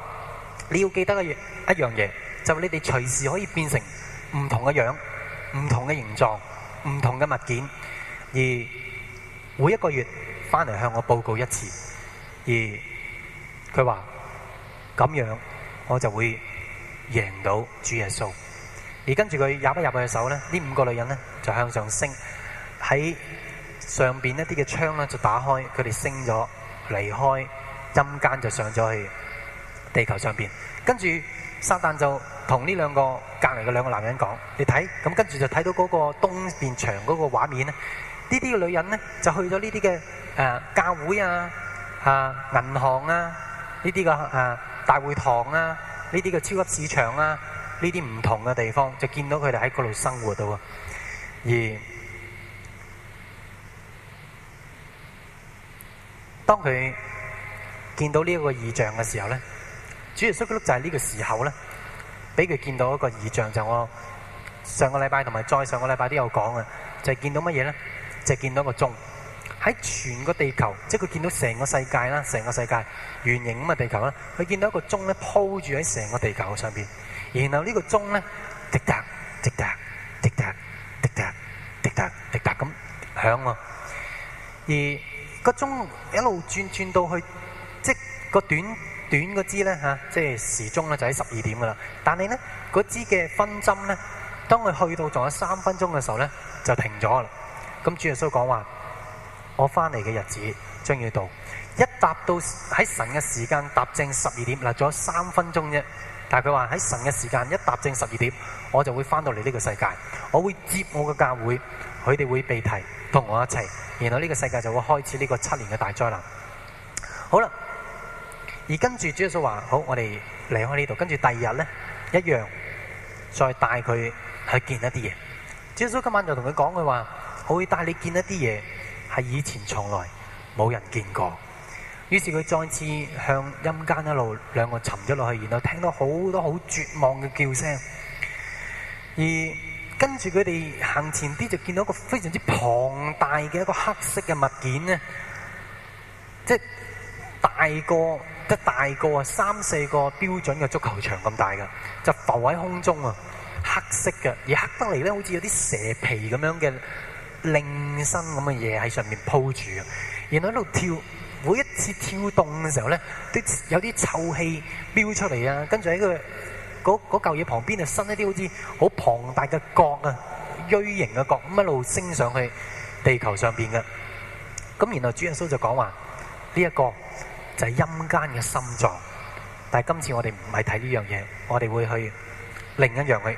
你要記得嘅一一樣嘢，就係你哋隨時可以變成唔同嘅樣、唔同嘅形狀、唔同嘅物件，而每一個月翻嚟向我報告一次。而佢話咁樣，我就會贏到主耶穌。而跟住佢握一握佢隻手咧，呢五個女人咧就向上升，喺上邊一啲嘅窗咧就打開，佢哋升咗離開，陰間就上咗去。地球上邊，沙跟住撒旦就同呢兩個隔籬嘅兩個男人講：你睇，咁跟住就睇到嗰個東面牆嗰個畫面咧。呢啲嘅女人呢，就去咗呢啲嘅誒教會啊、啊銀行啊、呢啲嘅啊大會堂啊、呢啲嘅超級市場啊，呢啲唔同嘅地方，就見到佢哋喺嗰度生活到啊。而當佢見到呢一個異象嘅時候咧。主要塞吉祿就係呢個時候咧，俾佢見到一個異象，就是、我上個禮拜同埋再上個禮拜都有講嘅，就係、是、見到乜嘢咧？就係、是、見到個鐘喺全個地球，即係佢見到成個世界啦，成個世界圓形咁嘅地球啦，佢見到一個鐘咧鋪住喺成個地球上邊，然後呢個鐘咧滴答滴答滴答滴答滴答滴答咁響喎。而個鐘一路轉轉到去，即、就、係、是、個短。短嗰支咧嚇，即係時鐘咧就喺十二點噶啦。但係呢，嗰支嘅分針呢，當佢去到仲有三分鐘嘅時候呢，就停咗啦。咁主耶穌講話：我翻嚟嘅日子將要到，一搭到喺神嘅時間，搭正十二點嗱，仲有三分鐘啫。但係佢話喺神嘅時間一搭正十二點，我就會翻到嚟呢個世界，我會接我嘅教會，佢哋會被提同我一齊，然後呢個世界就會開始呢個七年嘅大災難。好啦。而跟住主耶穌話：好，我哋離開呢度。跟住第二日咧，一樣再帶佢去見一啲嘢。主耶穌今晚就同佢講佢話：我，會帶你見一啲嘢，係以前從來冇人見過。於是佢再次向陰間一路兩個沉咗落去，然後聽到好多好絕望嘅叫聲。而跟住佢哋行前啲，就見到一個非常之龐大嘅一個黑色嘅物件咧，即係大過。即係大過啊，三四個標準嘅足球場咁大嘅，就浮喺空中啊，黑色嘅，而黑得嚟咧，好似有啲蛇皮咁樣嘅令身咁嘅嘢喺上面鋪住啊。然後喺度跳，每一次跳動嘅時候咧，都有啲臭氣飆出嚟啊。跟住喺佢嗰嚿嘢旁邊就伸一啲好似好龐大嘅角啊，錐形嘅角咁一路升上去地球上邊嘅。咁然後主耶穌就講話呢一個。就係陰間嘅心臟，但係今次我哋唔係睇呢樣嘢，我哋會去另一樣去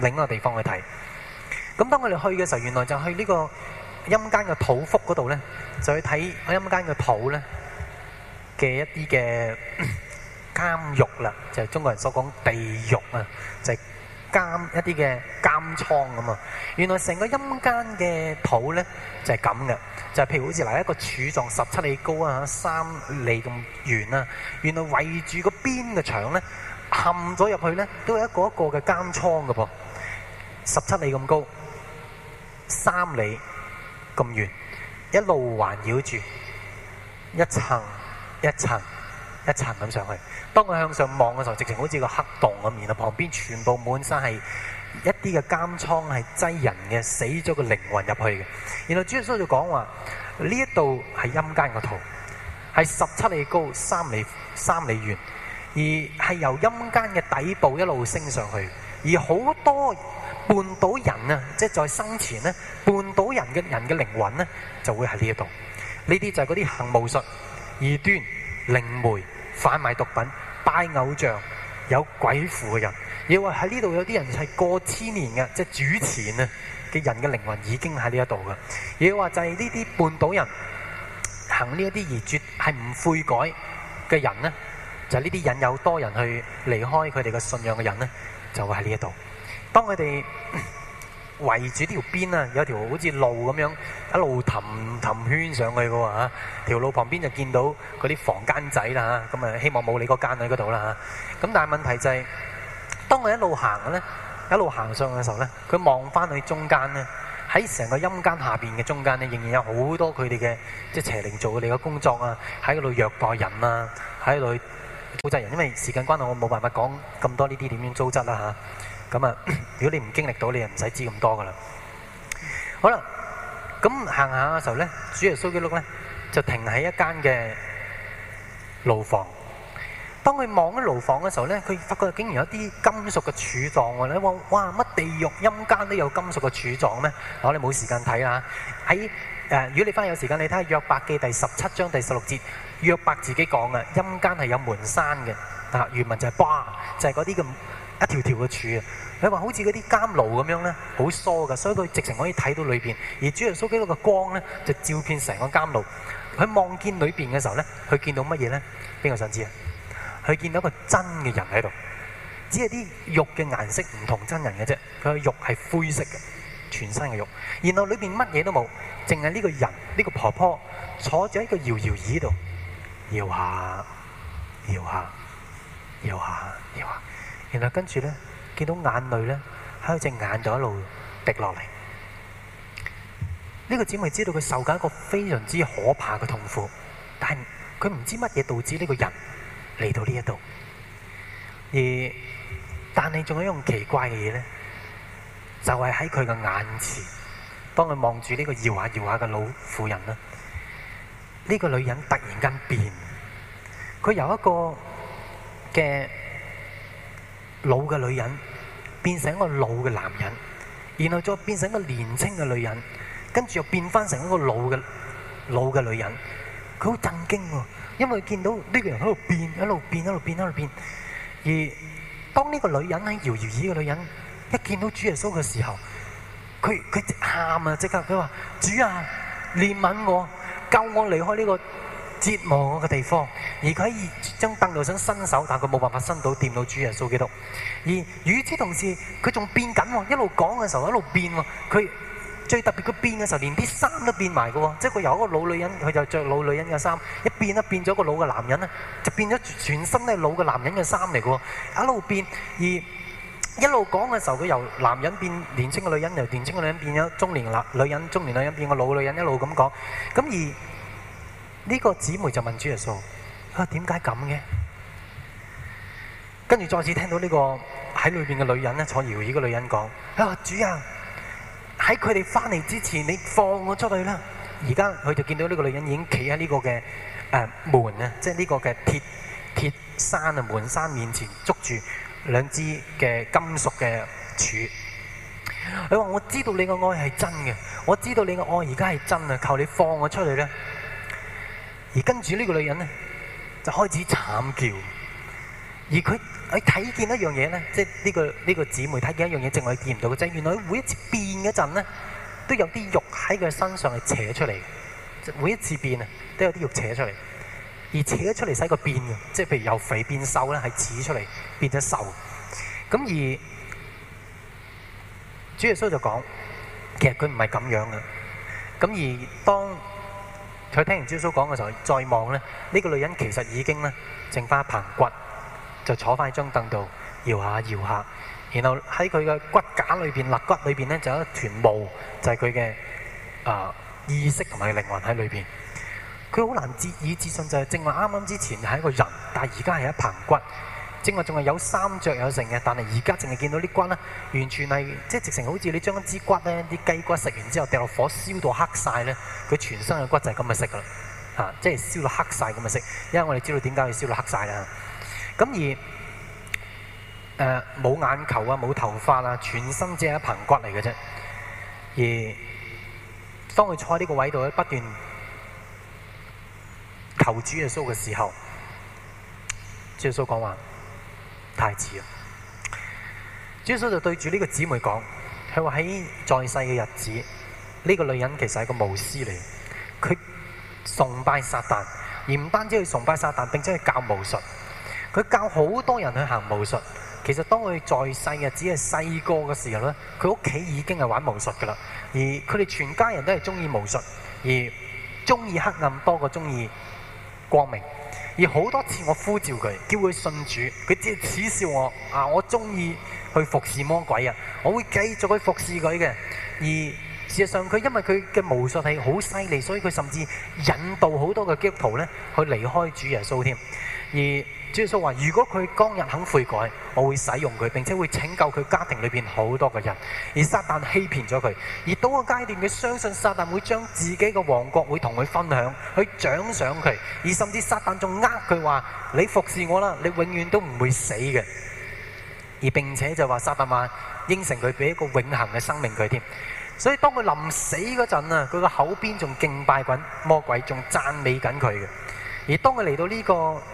另一個地方去睇。咁當我哋去嘅時候，原來就去呢個陰間嘅土腹嗰度咧，就去睇陰間嘅土咧嘅一啲嘅監獄啦，就係中國人所講地獄啊，就係。監一啲嘅監倉咁啊！原來成個陰間嘅土咧就係咁嘅，就係譬如好似嗱一個柱狀十七里高啊，三里咁遠啊。原來圍住個邊嘅牆咧，陷咗入去咧，都有一個一個嘅監倉噶噃，十七里咁高，三里咁遠，一路環繞住，一層一層一層咁上去。當佢向上望嘅時候，直情好似個黑洞咁，然後旁邊全部滿山係一啲嘅監倉，係擠人嘅死咗嘅靈魂入去嘅。然後主耶穌就講話：呢一度係陰間嘅圖，係十七里高、三里三里遠，而係由陰間嘅底部一路升上去。而好多半島人啊，即係在生前咧，半島人嘅人嘅靈魂咧，就會喺呢一度。呢啲就係嗰啲行巫術、異端、靈媒、販賣毒品。拜偶像、有鬼父嘅人，亦話喺呢度有啲人係過千年嘅，即係主前啊嘅人嘅靈魂已經喺呢一度嘅，亦話就係呢啲半島人行呢一啲而絕係唔悔改嘅人咧，就係呢啲引誘多人去離開佢哋嘅信仰嘅人咧，就會喺呢一度，當佢哋。圍住條邊啊，有條好似路咁樣，一路氹氹圈上去嘅喎嚇。條路旁邊就見到嗰啲房間仔啦嚇。咁啊，希望冇你嗰間喺嗰度啦嚇。咁但係問題就係，當我一路行嘅咧，一路行上嘅時候咧，佢望翻去中間咧，喺成個陰間下邊嘅中間咧，仍然有好多佢哋嘅即邪靈做佢哋嘅工作啊，喺度虐待人啊，喺度糟質人。因為時間關係，我冇辦法講咁多呢啲點樣糟質啦嚇。咁啊！如果你唔經歷到，你就唔使知咁多噶啦。好啦，咁行下嘅時候咧，主耶穌基督咧就停喺一間嘅牢房。當佢望喺牢房嘅時候咧，佢發覺竟然有啲金屬嘅柱狀喎咧。哇！乜地獄陰間都有金屬嘅柱狀咩？我哋冇時間睇啦。喺誒，如果你翻有時間，你睇下《約伯記》第十七章第十六節，約伯自己講嘅陰間係有門山嘅啊。原文就係巴，就係嗰啲咁。一條條嘅柱啊！佢話好似嗰啲監牢咁樣咧，好疏㗎，所以佢直情可以睇到裏邊。而主人手機嗰個光咧，就照遍成個監牢。佢望見裏邊嘅時候咧，佢見到乜嘢咧？邊個想知啊？佢見到一個真嘅人喺度，只係啲肉嘅顏色唔同真人嘅啫。佢個肉係灰色嘅，全身嘅肉。然後裏邊乜嘢都冇，淨係呢個人，呢個婆婆坐住喺個搖搖椅度，搖下搖下搖下。搖下。然後跟住咧，見到眼淚咧，喺佢隻眼就一路滴落嚟。呢個姐妹知道佢受緊一個非常之可怕嘅痛苦，但係佢唔知乜嘢導致呢個人嚟到呢一度。而但係仲有一種奇怪嘅嘢咧，就係喺佢嘅眼前，當佢望住呢個搖下搖下嘅老婦人啦，呢個女人突然間變，佢由一個嘅。老嘅女人變成一個老嘅男人，然後再變成一個年輕嘅女人，跟住又變返成一個老嘅老嘅女人。佢好震驚喎、哦，因為見到呢個人喺度變，喺度變，喺度變，喺度變。而當呢個女人喺搖搖椅嘅女人一見到主耶穌嘅時候，佢佢喊啊！即刻佢話：主啊，憐憫我，救我離開呢、這個。折磨我嘅地方，而佢喺張凳度想伸手，但佢冇辦法伸到掂到主耶穌基督。而與此同時，佢仲變緊喎，一路講嘅時候一路變喎。佢最特別，佢變嘅時候連啲衫都變埋嘅喎，即係佢由一個老女人，佢就着老女人嘅衫，一變咧，變咗個老嘅男人呢，就變咗全身都係老嘅男人嘅衫嚟嘅喎，一路變。而一路講嘅時候，佢由男人變年青嘅女人，由年青嘅女人變咗中年男女人，中年女人變個老女人，一路咁講，咁而。呢、這個姊妹就問主耶穌：啊，點解咁嘅？跟住再次聽到呢個喺裏邊嘅女人咧，坐搖椅嘅女人講：啊，主啊，喺佢哋翻嚟之前，你放我出去啦！而家佢就見到呢個女人已經企喺呢個嘅誒、呃、門啊，即係呢個嘅鐵鐵山啊門山面前捉住兩支嘅金屬嘅柱。佢話：我知道你嘅愛係真嘅，我知道你嘅愛而家係真啊，求你放我出去啦！而跟住呢個女人呢，就開始慘叫。而佢喺睇見一樣嘢呢，即係、呢、呢個呢、呢個姊妹睇見一樣嘢，正係見唔到嘅啫。原來每一次變嗰陣咧，都有啲肉喺佢身上係扯出嚟。每一次變啊，都有啲肉扯出嚟，而扯咗出嚟使佢變嘅，即係譬如由肥變瘦咧，係扯出嚟變咗瘦。咁而主耶穌就講，其實佢唔係咁樣嘅。咁而當佢聽完焦蘇講嘅時候，再望呢，呢、呢個女人其實已經呢淨翻一棚骨，就坐翻喺張凳度搖下搖下，然後喺佢嘅骨架裏邊、肋骨裏邊呢，就有一團霧，就係佢嘅啊意識同埋靈魂喺裏邊。佢好難置以置信，就係正話啱啱之前係一個人，但係而家係一棚骨。正話仲係有衫着有剩嘅，但係而家淨係見到啲骨咧，完全係即係直情好似你將一支骨咧，啲雞骨食完之後掉落火燒到黑晒咧，佢全身嘅骨就係咁嘅色噶啦，嚇、啊！即係燒到黑晒咁嘅色，因為我哋知道點解要燒到黑晒啦。咁而誒冇、呃、眼球啊，冇頭髮啊，全身只係一棚骨嚟嘅啫。而當佢坐喺呢個位度咧，不斷求主耶穌嘅時候，主耶穌講話。太遲啊！主耶穌就對住呢個姊妹講：佢話喺在世嘅日子，呢個女人其實係個巫師嚟，佢崇拜撒旦，而唔單止去崇拜撒旦，並且去教巫術。佢教好多人去行巫術。其實當佢在世嘅日子係細個嘅時候咧，佢屋企已經係玩巫術噶啦，而佢哋全家人都係中意巫術，而中意黑暗多過中意光明。而好多次我呼召佢，叫佢信主，佢只係恥笑我。啊，我鍾意去服侍魔鬼啊，我會繼續去服侍佢嘅。而事實上，佢因為佢嘅巫術係好犀利，所以佢甚至引導好多嘅基督徒咧去離開主耶穌添。而主耶穌話：如果佢當日肯悔改，我會使用佢，並且會拯救佢家庭裏邊好多個人。而撒旦欺騙咗佢，而到個階段佢相信撒旦會將自己嘅王國會同佢分享，去獎賞佢。而甚至撒旦仲呃佢話：你服侍我啦，你永遠都唔會死嘅。而並且就話撒但話應承佢俾一個永恆嘅生命佢添。所以當佢臨死嗰陣啊，佢個口邊仲敬拜緊魔鬼，仲讚美緊佢嘅。而當佢嚟到呢、這個。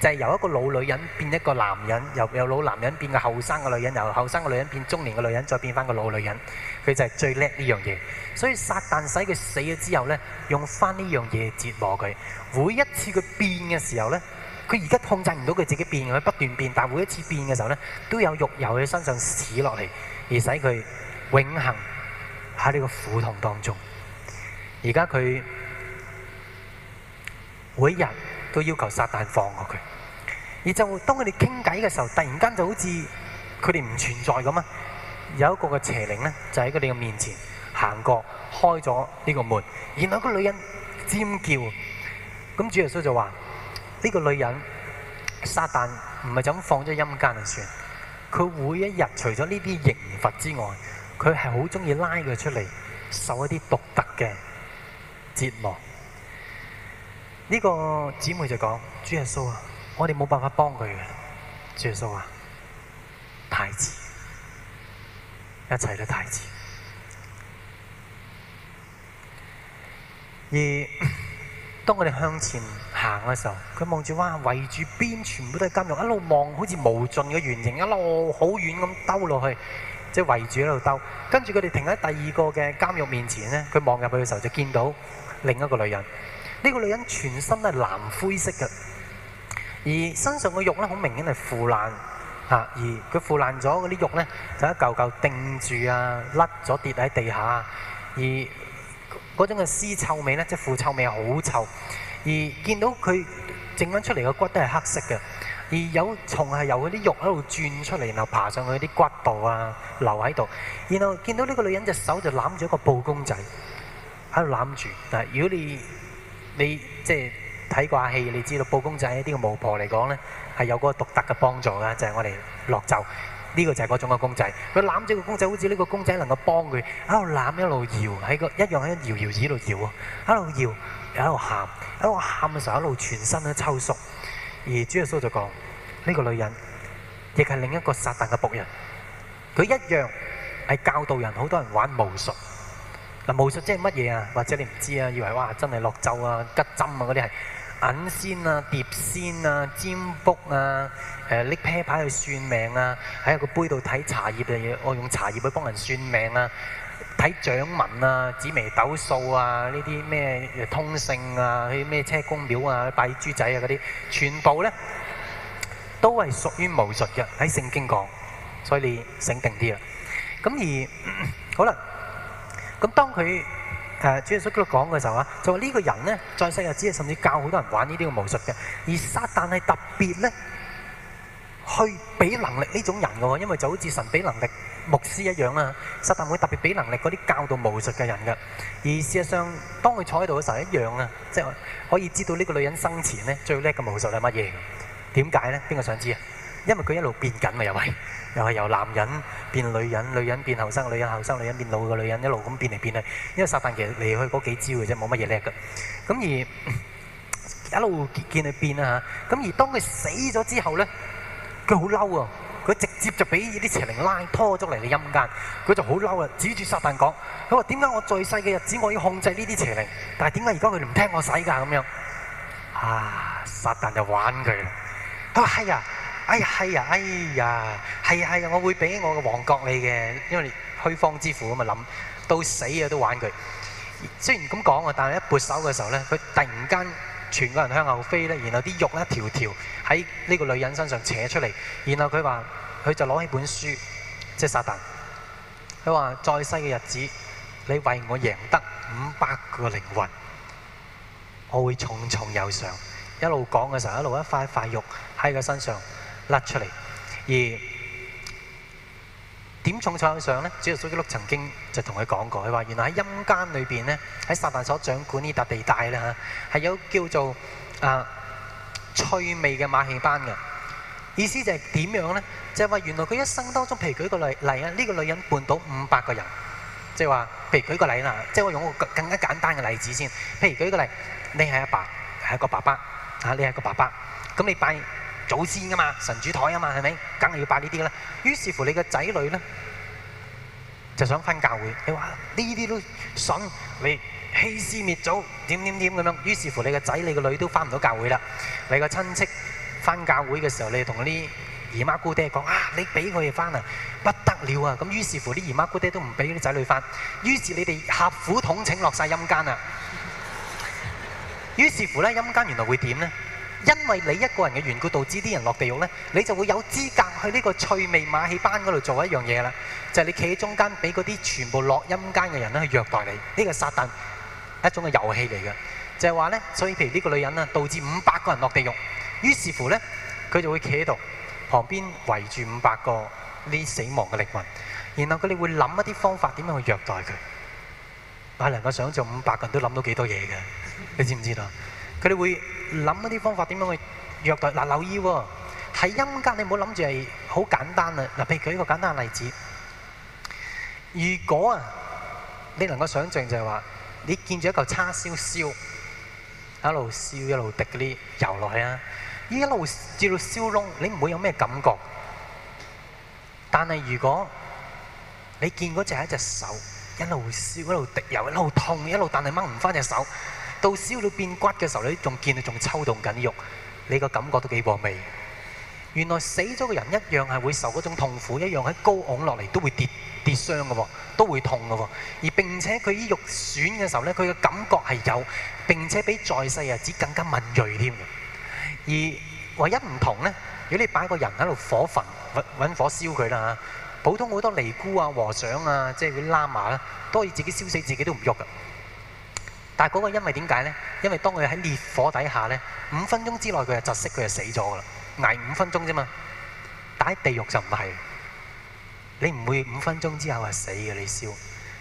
就係、是、由一個老女人變一個男人，由老男人變個後生嘅女人，由後生嘅女人變中年嘅女人，再變翻一個老女人。佢就係最叻呢樣嘢。所以撒但使佢死咗之後呢，用翻呢樣嘢折磨佢。每一次佢變嘅時候呢，佢而家控制唔到佢自己變，佢不斷變。但每一次變嘅時候呢，都有肉由佢身上撕落嚟，而使佢永恒喺呢個苦痛當中。而家佢每一日都要求撒但放過佢。而就當佢哋傾偈嘅時候，突然間就好似佢哋唔存在咁啊！有一個嘅邪靈咧，就喺佢哋嘅面前行過，開咗呢個門，然後個女人尖叫。咁主耶穌就話：呢個女人，撒但唔係就咁放咗陰間就算，佢每一日除咗呢啲刑罰之外，佢係好中意拉佢出嚟受一啲獨特嘅折磨。呢個姊妹就講：主耶穌啊！我哋冇辦法幫佢嘅，耶穌話：太遲，一切都太遲。而當我哋向前行嘅時候，佢望住哇，圍住邊全部都係監獄，一路望好似無盡嘅圓形，一路好遠咁兜落去，即係圍住喺度兜。跟住佢哋停喺第二個嘅監獄面前咧，佢望入去嘅時候就見到另一個女人，呢、呢個女人全身係藍灰色嘅。而身上嘅肉咧，好明顯係腐爛，嚇！而佢腐爛咗嗰啲肉咧，就一嚿嚿定住啊，甩咗跌喺地下。而嗰種嘅屍臭味咧，即係腐臭味，好臭。而見到佢整翻出嚟嘅骨都係黑色嘅，而有蟲係由嗰啲肉喺度轉出嚟，然後爬上去啲骨度啊，留喺度。然後見到呢個女人隻手就攬住一個布公仔，喺度攬住。但係如果你你即係，睇過戲，你知道布公仔呢、這個巫婆嚟講呢，係有嗰個獨特嘅幫助嘅，就係我哋落咒。呢、這個就係嗰種嘅公仔，佢攬住個公仔，好似呢個公仔能夠幫佢，喺度攬一路搖，喺個一樣喺搖搖椅度搖啊，喺度搖又喺度喊，喺度喊嘅時候，一路全身都抽搐。而主耶穌就講：呢、這個女人亦係另一個撒旦嘅僕人，佢一樣係教導人好多人玩巫術。嗱、啊，巫術即係乜嘢啊？或者你唔知啊？以為哇，真係落咒啊、吉針啊嗰啲係。那些是銀仙啊、碟仙啊、占卜啊、誒拎啤牌去算命啊、喺一個杯度睇茶葉嘅嘢，我用茶葉去幫人算命啊、睇掌紋啊、紫微斗數啊、呢啲咩通勝啊、去咩車公廟啊、拜豬仔啊嗰啲，全部咧都係屬於巫術嘅。喺聖經講，所以你醒定啲啊。咁而、嗯、好啦，咁當佢。誒主耶穌講嘅時候啊，就話呢個人呢，在世又只係甚至教好多人玩呢啲嘅巫術嘅，而撒旦係特別咧去畀能力呢種人嘅喎，因為就好似神畀能力牧師一樣啊。撒旦會特別畀能力嗰啲教導巫術嘅人嘅，而事實上當佢坐喺度嘅時候一樣啊，即係可以知道呢個女人生前咧最叻嘅巫術係乜嘢，點解咧？邊個想知啊？因為佢一路變緊嘛，又係又係由男人變女人，女人變後生，女人後生，女人變老嘅女人，一路咁變嚟變去。因為撒旦其實嚟去嗰幾招嘅啫，冇乜嘢叻㗎。咁而一路見見佢變啊嚇。咁而當佢死咗之後呢，佢好嬲啊！佢直接就俾啲邪靈拉拖咗嚟你陰間，佢就好嬲啊！指住撒旦講：佢話點解我在世嘅日子我要控制呢啲邪靈，但係點解而家佢唔聽我使㗎咁樣？啊！撒旦就玩佢啦。佢話係啊。哎呀哎呀，係啊，哎呀，係呀、啊，係啊，我會俾我個王國你嘅，因為虛方之父咁嘛。諗，到死啊都玩佢。雖然咁講啊，但係一撥手嘅時候呢，佢突然間全個人向後飛咧，然後啲肉一條條喺呢個女人身上扯出嚟。然後佢話：佢就攞起本書，即係撒旦。佢話：在世嘅日子，你為我贏得五百個靈魂，我會重重有賞。一路講嘅時候，一路一塊塊肉喺佢身上。甩出嚟，而點重創上咧？主要蘇基祿曾經就同佢講過，佢話原來喺陰間裏邊咧，喺撒旦所掌管呢笪地帶咧嚇，係有叫做啊趣味嘅馬戲班嘅。意思就係點樣咧？就係話原來佢一生當中，譬如舉個例例啊，呢個女人伴到五百個人，即係話，譬如舉個例啦，即係我用個更加簡單嘅例子先。譬如舉個例，你係阿爸，係一個爸爸嚇，你係一個爸爸，咁你拜祖先噶嘛神主台啊嘛係咪梗係要拜呢啲啦？於是乎你個仔女呢，就想翻教會，你話呢啲都蠢，你欺師滅祖點點點咁樣，怎樣？於是乎你個仔你個女都翻唔到教會啦。你個親戚翻教會嘅時候，你同啲姨媽姑爹講啊，你俾佢哋翻啊，不得了啊！咁於是乎啲姨媽姑爹都唔俾啲仔女翻。於是你哋合府統請落晒陰間啦。 於是乎咧陰間原來會點呢？因為你一個人嘅緣故導致啲人落地獄呢，你就會有資格去呢個趣味馬戲班嗰度做一樣嘢啦，就係、是、你企喺中間，俾嗰啲全部落陰間嘅人咧去虐待你，呢、這個是撒旦，一種嘅遊戲嚟嘅，就係話呢。所以譬如呢個女人咧導致五百個人落地獄，於是乎呢，佢就會企喺度，旁邊圍住五百個呢死亡嘅靈魂，然後佢哋會諗一啲方法點樣去虐待佢，啊能夠想象五百個人都諗到幾多嘢嘅，你知唔知道？佢哋會。諗一啲方法點樣去虐待？嗱，留意喎，喺陰間你唔好諗住係好簡單啊。嗱，譬如舉一個簡單例子，如果啊，你能夠想象就係話，你見住一嚿叉燒燒，一路燒一路滴嗰啲油落去啊，一路至到燒窿，你唔會有咩感覺？但係如果你見嗰隻係一隻手，一路燒一路滴油，一路痛，一路但係掹唔翻隻手。到燒到變骨嘅時候，你仲見到仲抽動緊肉，你個感覺都幾過味。原來死咗嘅人一樣係會受嗰種痛苦，一樣喺高昂落嚟都會跌跌傷嘅喎，都會痛嘅喎。而並且佢啲肉損嘅時候咧，佢嘅感覺係有，並且比在世啊子更加敏鋭添。而唯一唔同咧，如果你擺一個人喺度火焚揾火燒佢啦嚇，普通好多尼姑啊、和尚啊，即係啲喇嘛啦，都可以自己燒死自己都唔喐㗎。但係嗰個因為點解呢？因為當佢喺烈火底下呢，五分鐘之內佢就窒息，佢就死咗噶啦，捱五分鐘啫嘛。但係地獄就唔係，你唔會五分鐘之後係死嘅，你燒，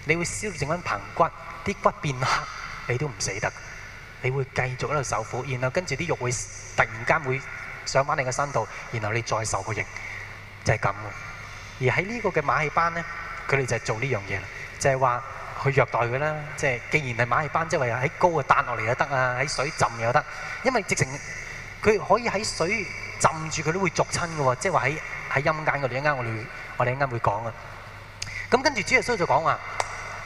你會燒剩翻棚骨，啲骨變黑，你都唔死得，你會繼續喺度受苦，然後跟住啲肉會突然間會上翻你個身度，然後你再受個刑，就係咁。而喺呢個嘅馬戲班呢，佢哋就係做呢樣嘢，就係話。佢虐待佢啦，即係既然係馬戲班，即係話喺高嘅彈落嚟又得啊，喺水浸又得，因為直情佢可以喺水浸住佢都會作親嘅喎，即係話喺喺陰間嗰度，一陣間我哋我哋一陣間會，會講啊。咁跟住主耶穌就講話：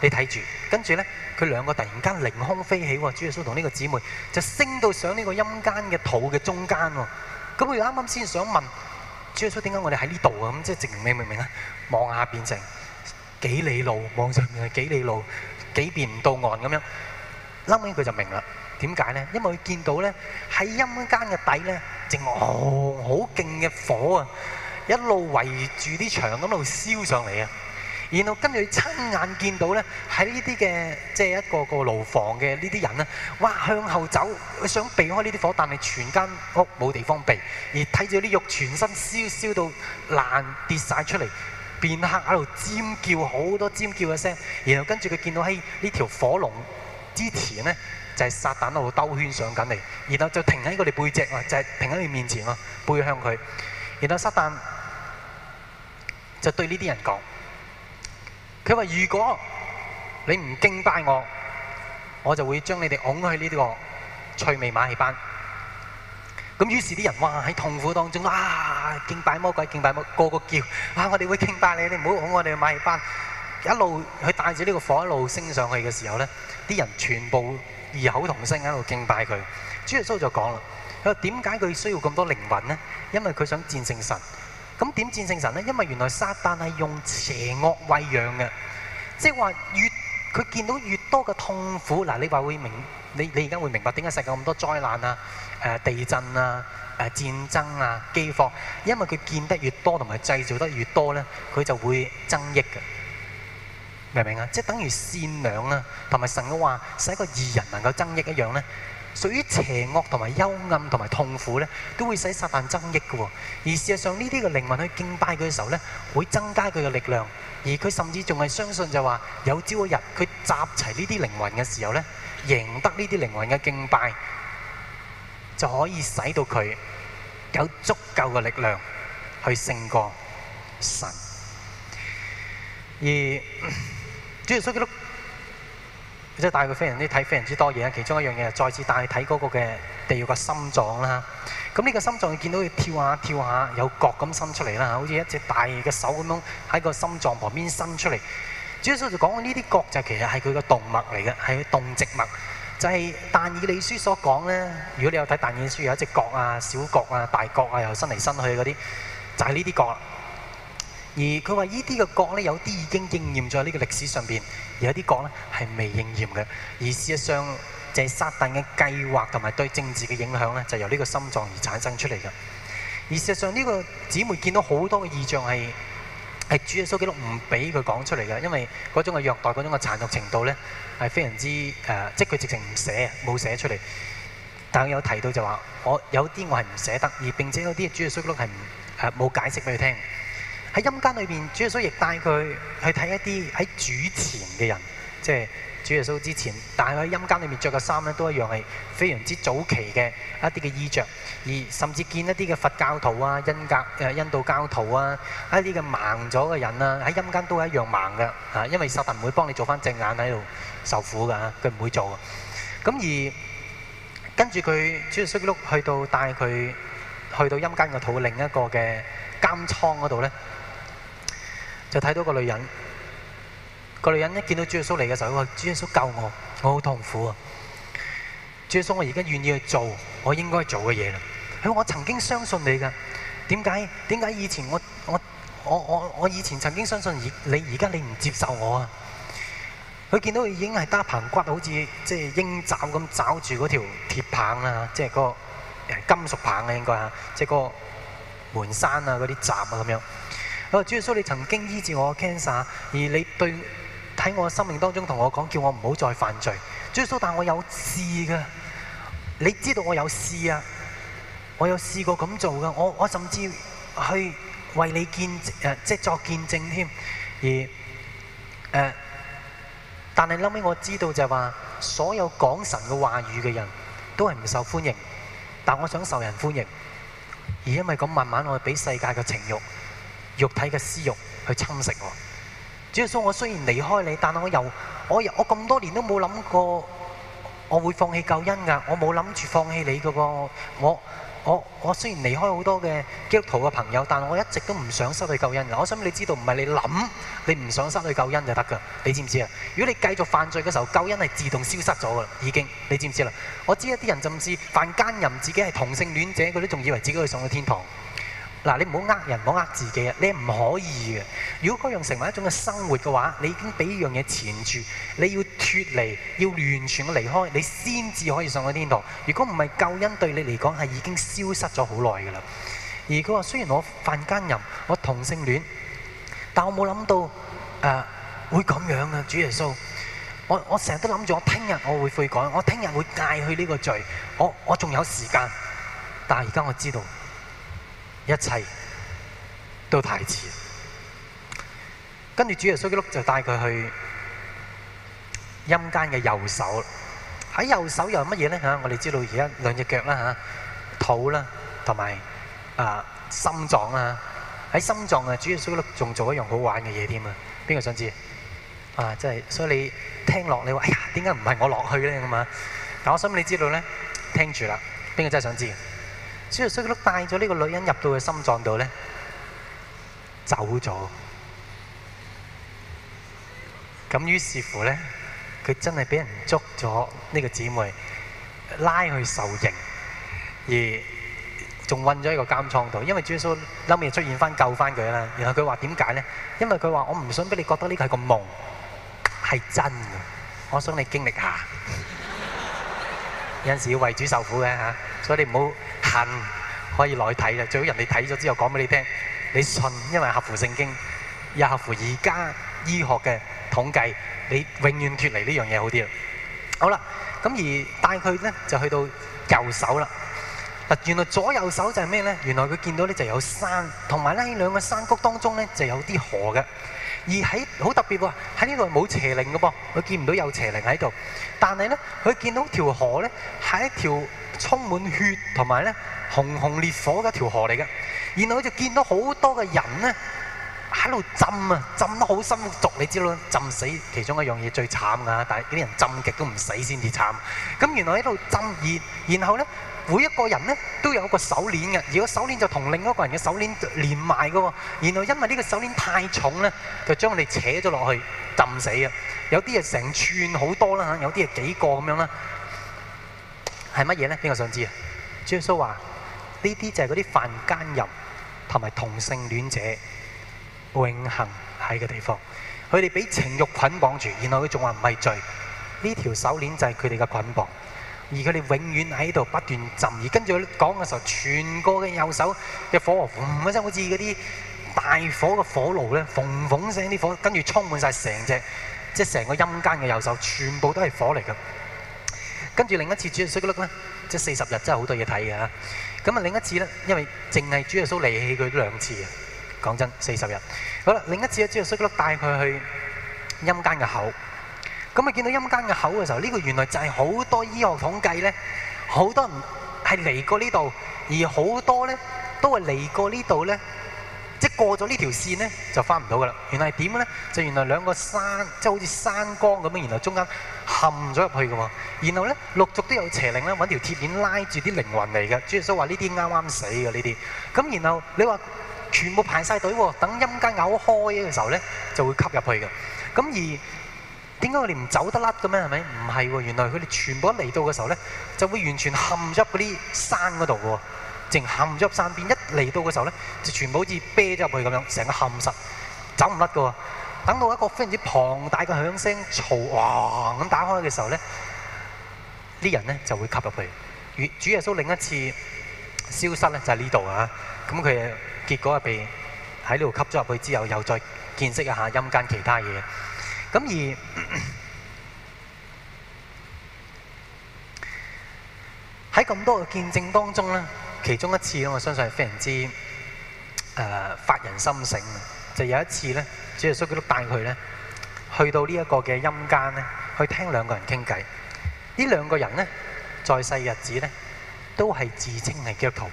你睇住，跟住咧佢兩個突然間凌空飛起喎。主耶穌同呢個姊妹就升到上呢個陰間嘅土嘅中間喎。咁佢啱啱先想問主耶穌點解我哋喺呢度啊？咁即係明唔明啊？望下變成……」幾里路，望上面係幾里路，幾遍唔到岸咁樣。後尾佢就明啦，點解咧？因為佢見到咧，喺陰間嘅底咧，正好好勁嘅火啊，一路圍住啲牆咁度燒上嚟啊。然後跟住佢親眼見到咧，喺呢啲嘅即係一個個牢房嘅呢啲人咧，哇向後走，佢想避開呢啲火，但係全間屋冇地方避，而睇住啲肉全身燒燒到爛跌曬出嚟。變黑喺度尖叫，好多尖叫嘅聲。然後跟住佢見到喺，呢條火龍之前呢，就係、是、撒旦喺度兜圈上緊嚟。然後就停喺佢哋背脊喎，就係、是、停喺佢面前喎，背向佢。然後撒旦就對呢啲人講：佢話如果你唔敬拜我，我就會將你哋拱去呢個趣味馬戲班。咁於是啲人哇，喺痛苦當中啊，敬拜魔鬼，敬拜魔鬼，個個叫啊，我哋會敬拜你，你唔好往我哋嘅麥班。一路佢帶住呢個火一路升上去嘅時候咧，啲人全部異口同聲喺度敬拜佢。主耶穌就講啦，佢話點解佢需要咁多靈魂呢？因為佢想戰勝神。咁點戰勝神呢？因為原來撒旦係用邪惡喂養嘅，即係話越佢見到越多嘅痛苦嗱，你話會明。你你而家會明白點解世界咁多災難啊、誒、呃、地震啊、誒、呃、戰爭啊、饑荒，因為佢見得越多同埋製造得越多呢，佢就會增益嘅，明唔明啊？即係等於善良啊，同埋神嘅話，使一個義人能夠增益一樣呢，屬於邪惡同埋幽暗同埋痛苦呢，都會使撒旦增益嘅喎。而事實上呢啲嘅靈魂去敬拜佢嘅時候呢，會增加佢嘅力量，而佢甚至仲係相信就話有朝一日佢集齊呢啲靈魂嘅時候呢，贏得呢啲靈魂嘅敬拜，就可以使到佢有足夠嘅力量去勝過神。而主要所記錄，我即係帶佢非常之睇非常之多嘢，其中一樣嘢再次帶佢睇嗰個嘅地獄嘅心臟啦。咁呢個心臟，你見到佢跳下跳下，有角咁伸出嚟啦，好似一隻大嘅手咁樣喺個心臟旁邊伸出嚟。主要就係講呢啲角就其實係佢個動脈嚟嘅，係佢個動植物。就係、是、但以理書所講呢，如果你有睇但以理書有一隻角啊、小角啊、大角啊，又伸嚟伸去嗰啲，就係呢啲角。而佢話呢啲個角呢，有啲已經應驗咗喺呢個歷史上邊，而有啲角呢，係未應驗嘅。而事實上，就係撒旦嘅計劃同埋對政治嘅影響呢，就由呢個心臟而產生出嚟嘅。而事實上呢個姊妹見到好多異象係。係主耶穌記錄唔俾佢講出嚟嘅，因為嗰種嘅虐待、嗰種嘅殘酷程度咧，係非常之誒、呃，即係佢直情唔寫，冇寫出嚟。但係有提到就話，我有啲我係唔寫得，而並且有啲主耶穌記錄係誒冇解釋俾佢聽。喺陰間裏邊，主耶穌亦帶佢去睇一啲喺主前嘅人，即係主耶穌之前。但係佢喺陰間裏面着嘅衫咧，都一樣係非常之早期嘅一啲嘅衣着。而甚至見一啲嘅佛教徒啊、印格誒、印度教徒啊，一啲嘅盲咗嘅人啦，喺陰間都係一樣盲㗎吓，因為撒但唔會幫你做翻隻眼喺度受苦㗎，佢唔會做。咁而跟住佢主耶穌碌去到帶佢去到陰間個土另一個嘅監倉嗰度咧，就睇到個女人。個女人一見到主耶穌嚟嘅時候，佢話：主耶穌救我，我好痛苦啊！主耶穌，我而家願意去做我應該做嘅嘢啦。佢，我曾經相信你噶，點解，點解以前我我我我我以前曾經相信而你，而家你唔接受我啊？佢見到佢已經係搭棚骨，好似即係鷹爪咁爪住嗰條鐵棒啊！即係個金屬棒啊，應該啊！即係個門山啊，嗰啲閘啊咁樣。佢話，主耶穌，你曾經醫治我嘅 cancer，而你對喺我生命當中同我講，叫我唔好再犯罪。主耶穌，但我有事㗎，你知道我有事啊！我有試過咁做㗎，我我甚至去為你見誒、呃，即係作見證添。而誒、呃，但係後尾我知道就係話，所有講神嘅話語嘅人都係唔受歡迎。但我想受人歡迎，而因為咁慢慢我俾世界嘅情慾、肉體嘅私慾去侵蝕我。主要係講我雖然離開你，但我又我我咁多年都冇諗過，我會放棄救恩㗎。我冇諗住放棄你嘅我。我我雖然離開好多嘅基督徒嘅朋友，但我一直都唔想失去救恩。我想你知道，唔係你諗，你唔想失去救恩就得㗎。你知唔知啊？如果你繼續犯罪嘅時候，救恩係自動消失咗㗎，已經。你知唔知啦？我知一啲人甚至犯奸淫，自己係同性戀者，佢都仲以為自己會上到天堂。嗱，你唔好呃人，唔好呃自己啊！你唔可以嘅。如果嗰樣成為一種嘅生活嘅話，你已經俾呢樣嘢纏住。你要脫離，要完全嘅離開，你先至可以上去天堂。如果唔係，救恩對你嚟講係已經消失咗好耐㗎喇。而佢話：雖然我犯奸淫，我同性戀，但我冇諗到誒、呃、會咁樣嘅、啊、主耶穌。我我成日都諗住，我聽日我，我會悔改，我聽日會戒去呢個罪。我我仲有時間，但係而家我知道。一切都太遲，跟住主耶穌基督就帶佢去陰間嘅右手。喺、哎，右手又係乜嘢呢？吓？我哋知道而家兩隻腳啦吓，肚啦，同埋啊心臟啊，喺心臟啊，主耶穌基督仲做一樣好玩嘅嘢添啊！邊個想知啊？真係所以你聽落你話，哎呀，點解唔係我落去咧咁啊？但我想你知道咧，聽住啦，邊個真係想知？主耶穌都帶咗呢個女人入到佢心臟度咧，走咗。咁於是乎咧，佢真係俾人捉咗呢個姊妹，拉去受刑，而仲困咗喺個監倉度。因為主耶穌後尾出現翻救翻佢啦。然後佢話點解咧？因為佢話，我唔想俾你覺得呢個係個夢，係真嘅。我想你經歷下。有陣時要為主受苦嘅嚇，所以你唔好恨，可以來睇啊！最好人哋睇咗之後講俾你聽，你信，因為合乎聖經，又合乎而家醫學嘅統計，你永遠脱離呢樣嘢好啲啊！好啦，咁而帶佢呢就去到右手啦。嗱，原來左右手就係咩呢？原來佢見到呢就有山，同埋呢兩個山谷當中呢就有啲河嘅。而喺好特別喎，喺呢度係冇邪靈嘅噃，佢見唔到有邪靈喺度。但係呢，佢見到條河呢，係一條充滿血同埋呢紅紅烈火嘅一條河嚟嘅。然後佢就見到好多嘅人呢。喺度浸啊，浸得好深俗，你知啦，浸死其中一樣嘢最慘噶。但係啲人浸極都唔死先至慘。咁原來喺度浸熱，然後呢，每一個人呢都有個手鏈嘅。如果手鏈就同另一個人嘅手鏈連埋嘅喎。然後因為呢個手鏈太重呢，就將我哋扯咗落去浸死啊。有啲係成串好多啦，有啲係幾個咁樣啦。係乜嘢呢？邊個想知啊？耶穌話：呢啲就係嗰啲犯奸淫同埋同性戀者。永恆喺個地方，佢哋俾情慾捆綁住，然後佢仲話唔係罪。呢條手鏈就係佢哋嘅捆綁，而佢哋永遠喺度不斷浸。而跟住佢講嘅時候，全個嘅右手嘅火，唔嗰陣好似嗰啲大火嘅火爐咧，嘭嘭聲啲火，跟住充滿晒成隻，即係成個陰間嘅右手，全部都係火嚟㗎。跟住另一次，主耶穌嗰粒咧，即係四十日真係好多嘢睇㗎嚇。咁啊，另一次咧，因為淨係主耶穌離棄佢兩次啊。講真，四十日。好啦，另一次啊，朱元璋咧帶佢去陰間嘅口。咁啊，見到陰間嘅口嘅時候，呢個原來就係好多醫學統計咧，好多人係嚟過呢度，而好多咧都係嚟過呢度咧，即係過咗呢條線咧就翻唔到噶啦。原來係點咧？就原來兩個山，即係好似山崗咁樣，然後中間陷咗入去嘅喎。然後咧，陸續都有邪靈啦，揾條鐵鏈拉住啲靈魂嚟嘅。朱元璋話：呢啲啱啱死嘅呢啲。咁然後你話。全部排晒隊喎，等陰間咬開嘅時候咧，就會吸入去嘅。咁而點解我哋唔走得甩嘅咩？係咪？唔係喎，原來佢哋全部一嚟到嘅時候咧，就會完全冚咗嗰啲山嗰度嘅喎，淨冚咗入山邊。一嚟到嘅時候咧，就全部好似啤咗入去咁樣，成個冚塞，走唔甩嘅喎。等到一個非常之龐大嘅響聲嘈，哇咁打開嘅時候咧，啲人咧就會吸入去。主耶穌另一次消失咧就喺呢度啊，咁佢。結果係被喺呢度吸咗入去之後，又再見識一下陰間其他嘢。咁而喺咁多嘅見證當中咧，其中一次咧，我相信係非常之誒、呃、發人心醒嘅。就是、有一次咧，主耶穌基督帶佢咧去到呢一個嘅陰間咧，去聽兩個人傾偈。呢兩個人咧，在世日子咧都係自稱係基督徒。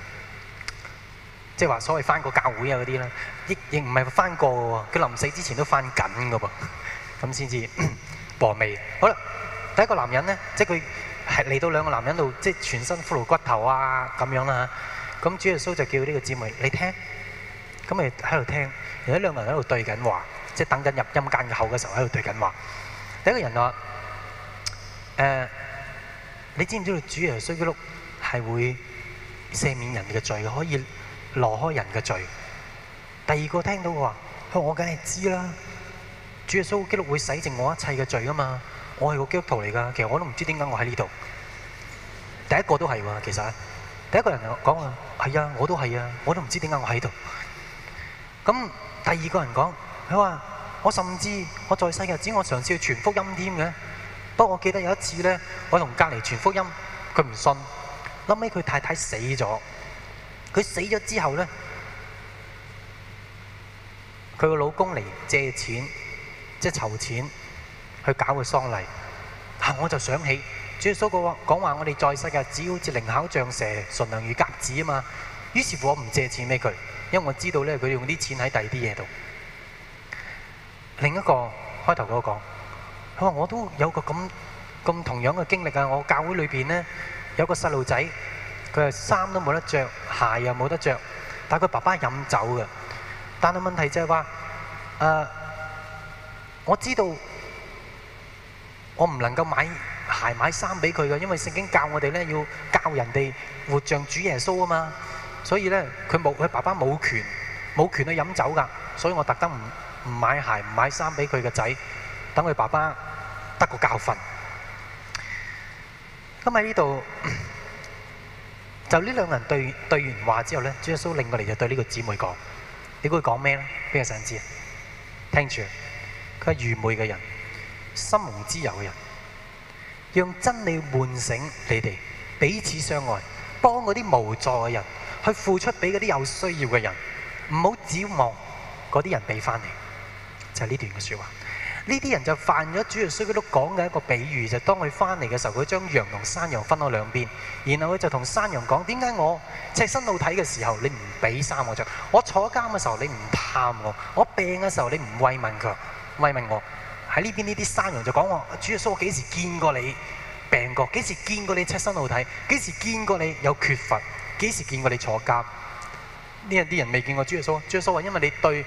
即係話所謂翻過教會啊嗰啲啦，亦亦唔係翻過嘅喎，佢臨死之前都翻緊嘅噃，咁先至亡命。好啦，第一個男人咧，即係佢係嚟到兩個男人度，即係全身骷髏骨頭啊咁樣啦。咁主耶穌就叫呢個姊妹，你聽。咁咪喺度聽，而家兩個人喺度對緊話，即係等緊入陰間嘅口嘅時候喺度對緊話。第一個人話：誒，你知唔知道主耶穌基督係會赦免人哋嘅罪嘅？可以。挪開人嘅罪。第二個聽到佢話：佢我梗係知啦，主耶穌基督會洗淨我一切嘅罪啊嘛。我係個基督徒嚟噶，其實我都唔知點解我喺呢度。第一個都係喎，其實。第一個人講話：係啊，我都係啊，我都唔知點解我喺度。咁第二個人講：佢話：我甚至在我在世嘅日子，我嘗試去傳福音添嘅。不過我記得有一次咧，我同隔離傳福音，佢唔信。諗起佢太太死咗。佢死咗之後呢，佢個老公嚟借錢，即係籌錢去搞個喪禮。嚇，我就想起主所講講話，我哋在世嘅，只要靈巧像蛇，純良如鴿子啊嘛。於是乎我唔借錢畀佢，因為我知道呢，佢用啲錢喺第二啲嘢度。另一個開頭嗰個，佢話我都有個咁咁同樣嘅經歷啊！我教會裏邊呢，有個細路仔。佢係衫都冇得著，鞋又冇得著，但係佢爸爸係飲酒嘅。但係問題就係話，誒，我知道我唔能夠買鞋買衫俾佢嘅，因為聖經教我哋咧要教人哋活像主耶穌啊嘛。所以咧，佢冇佢爸爸冇權冇權去飲酒㗎，所以我特登唔唔買鞋唔買衫俾佢嘅仔，等佢爸爸得個教訓。咁喺呢度。就呢兩個人對，對完話之後，主耶穌領過嚟，就對呢個姊妹講：「你估佢講咩呢？邊個想知？聽住，佢係愚昧嘅人，心無之由嘅人，用真理喚醒你哋，彼此相愛，幫嗰啲無助嘅人去付出俾嗰啲有需要嘅人，唔好指望嗰啲人俾返你。」就係呢段嘅説話。呢啲人就犯咗主耶穌佢都講嘅一個比喻，就當佢翻嚟嘅時候，佢將羊同山羊分咗兩邊，然後佢就同山羊講：點解我赤身露體嘅時候你唔俾衫我着？我坐監嘅時候你唔探我，我病嘅時候你唔慰問佢，慰問我？喺呢邊呢啲山羊就講我：主耶穌，我幾時見過你病過？幾時見過你赤身露體？幾時見過你有缺乏？幾時見過你坐監？呢啲人未見過主耶穌。主耶穌話：因為你對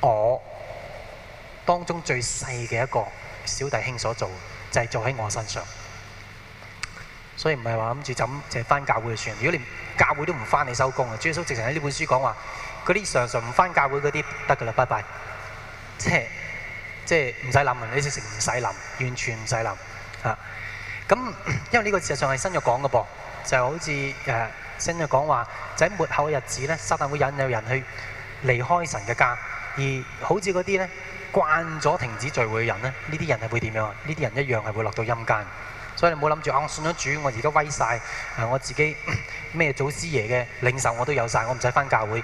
我。當中最細嘅一個小弟兄所做，就係、是、做喺我身上，所以唔係話諗住就咁淨係翻教會就算。如果連教會都唔翻，你收工啊！主耶穌直情喺呢本書講話，嗰啲常常唔翻教會嗰啲得㗎啦，拜拜，即係即係唔使諗，你直情唔使諗，完全唔使諗啊。咁因為呢個事實上係新約講嘅噃，就是、好似誒、啊、新約講話就喺、是、末後嘅日子咧，撒旦會引誘人去離開神嘅家，而好似嗰啲咧。慣咗停止聚會嘅人咧，呢啲人係會點樣？呢啲人一樣係會落到陰間。所以你唔好諗住啊！我信咗主，我而家威曬，誒我自己咩祖師爺嘅領袖我都有曬，我唔使返教會。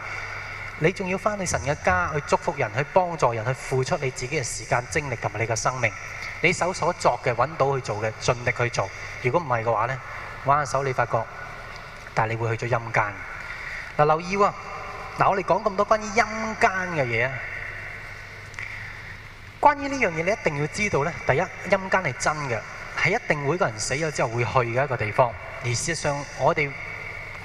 你仲要返去神嘅家去祝福人，去幫助人，去付出你自己嘅時間、精力同埋你嘅生命。你手所作嘅揾到去做嘅，盡力去做。如果唔係嘅話咧，玩下手你發覺，但係你會去咗陰間。嗱，留意喎，嗱，我哋講咁多關於陰間嘅嘢。關於呢樣嘢，你一定要知道咧。第一，陰間係真嘅，係一定每一個人死咗之後會去嘅一個地方。而事實上，我哋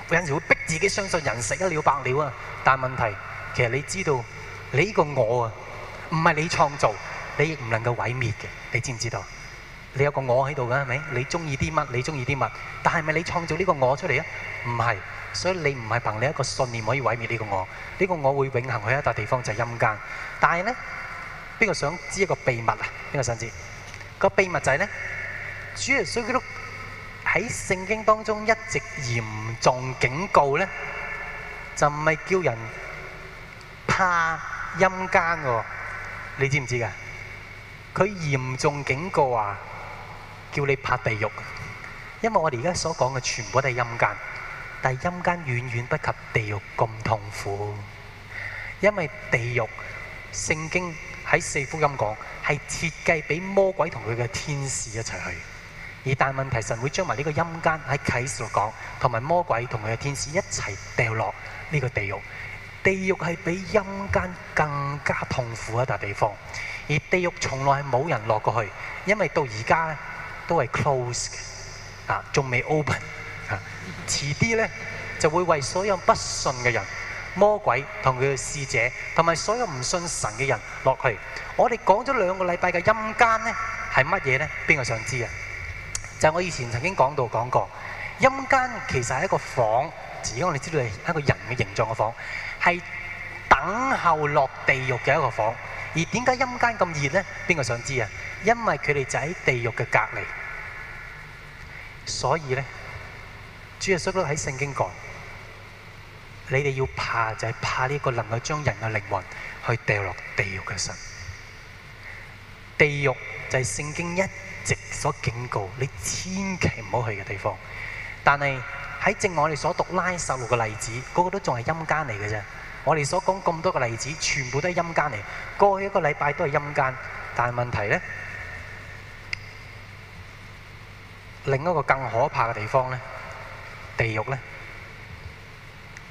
有陣時會逼自己相信人死一了百了啊。但問題其實你知道，你呢個我啊，唔係你創造，你亦唔能夠毀滅嘅。你知唔知道？你有個我喺度㗎，係咪？你中意啲乜？你中意啲乜？但係咪你創造呢個我出嚟啊？唔係，所以你唔係憑你一個信念可以毀滅呢個我。呢個我會永恆去一個地方，就係陰間。但係呢。邊個想知一個秘密啊？邊個想知個秘密仔，就，咧，係？主耶穌基督喺聖經當中一直嚴重警告咧，就唔係叫人怕陰間喎。你知唔知噶？佢嚴重警告啊，叫你怕地獄，因為我哋而家所講嘅全部都係陰間，但係陰間遠遠不及地獄咁痛苦，因為地獄聖經。喺四福音講，係設計俾魔鬼同佢嘅天使一齊去，而但問題，神會將埋呢個陰間喺啟示錄講，同埋魔鬼同佢嘅天使一齊掉落呢個地獄。地獄係比陰間更加痛苦一笪地方，而地獄從來係冇人落過去，因為到而家都係 close 嘅。啊，仲未 open 啊，遲啲呢就會為所有不信嘅人，魔鬼同佢嘅使者，同埋所有唔信神嘅人落去。我哋講咗兩個禮拜嘅陰間咧，係乜嘢咧？邊個想知啊？就係我以前曾經講到講過，陰間其實係一個房，只要我哋知道係一個人嘅形狀嘅房，係等候落地獄嘅一個房。而點解陰間咁熱咧？邊個想知啊？因為佢哋就喺地獄嘅隔籬，所以咧，主耶穌都喺聖經講。你哋要怕就係怕呢個能夠將人嘅靈魂去掉落地獄嘅神。地獄就係聖經一直所警告你千祈唔好去嘅地方。但係喺正我哋所讀拉撒路嘅例子，個個都仲係陰間嚟嘅啫。我哋所講咁多嘅例子，全部都係陰間嚟。過去一個禮拜都係陰間，但係問題咧，另一個更可怕嘅地方咧，地獄咧。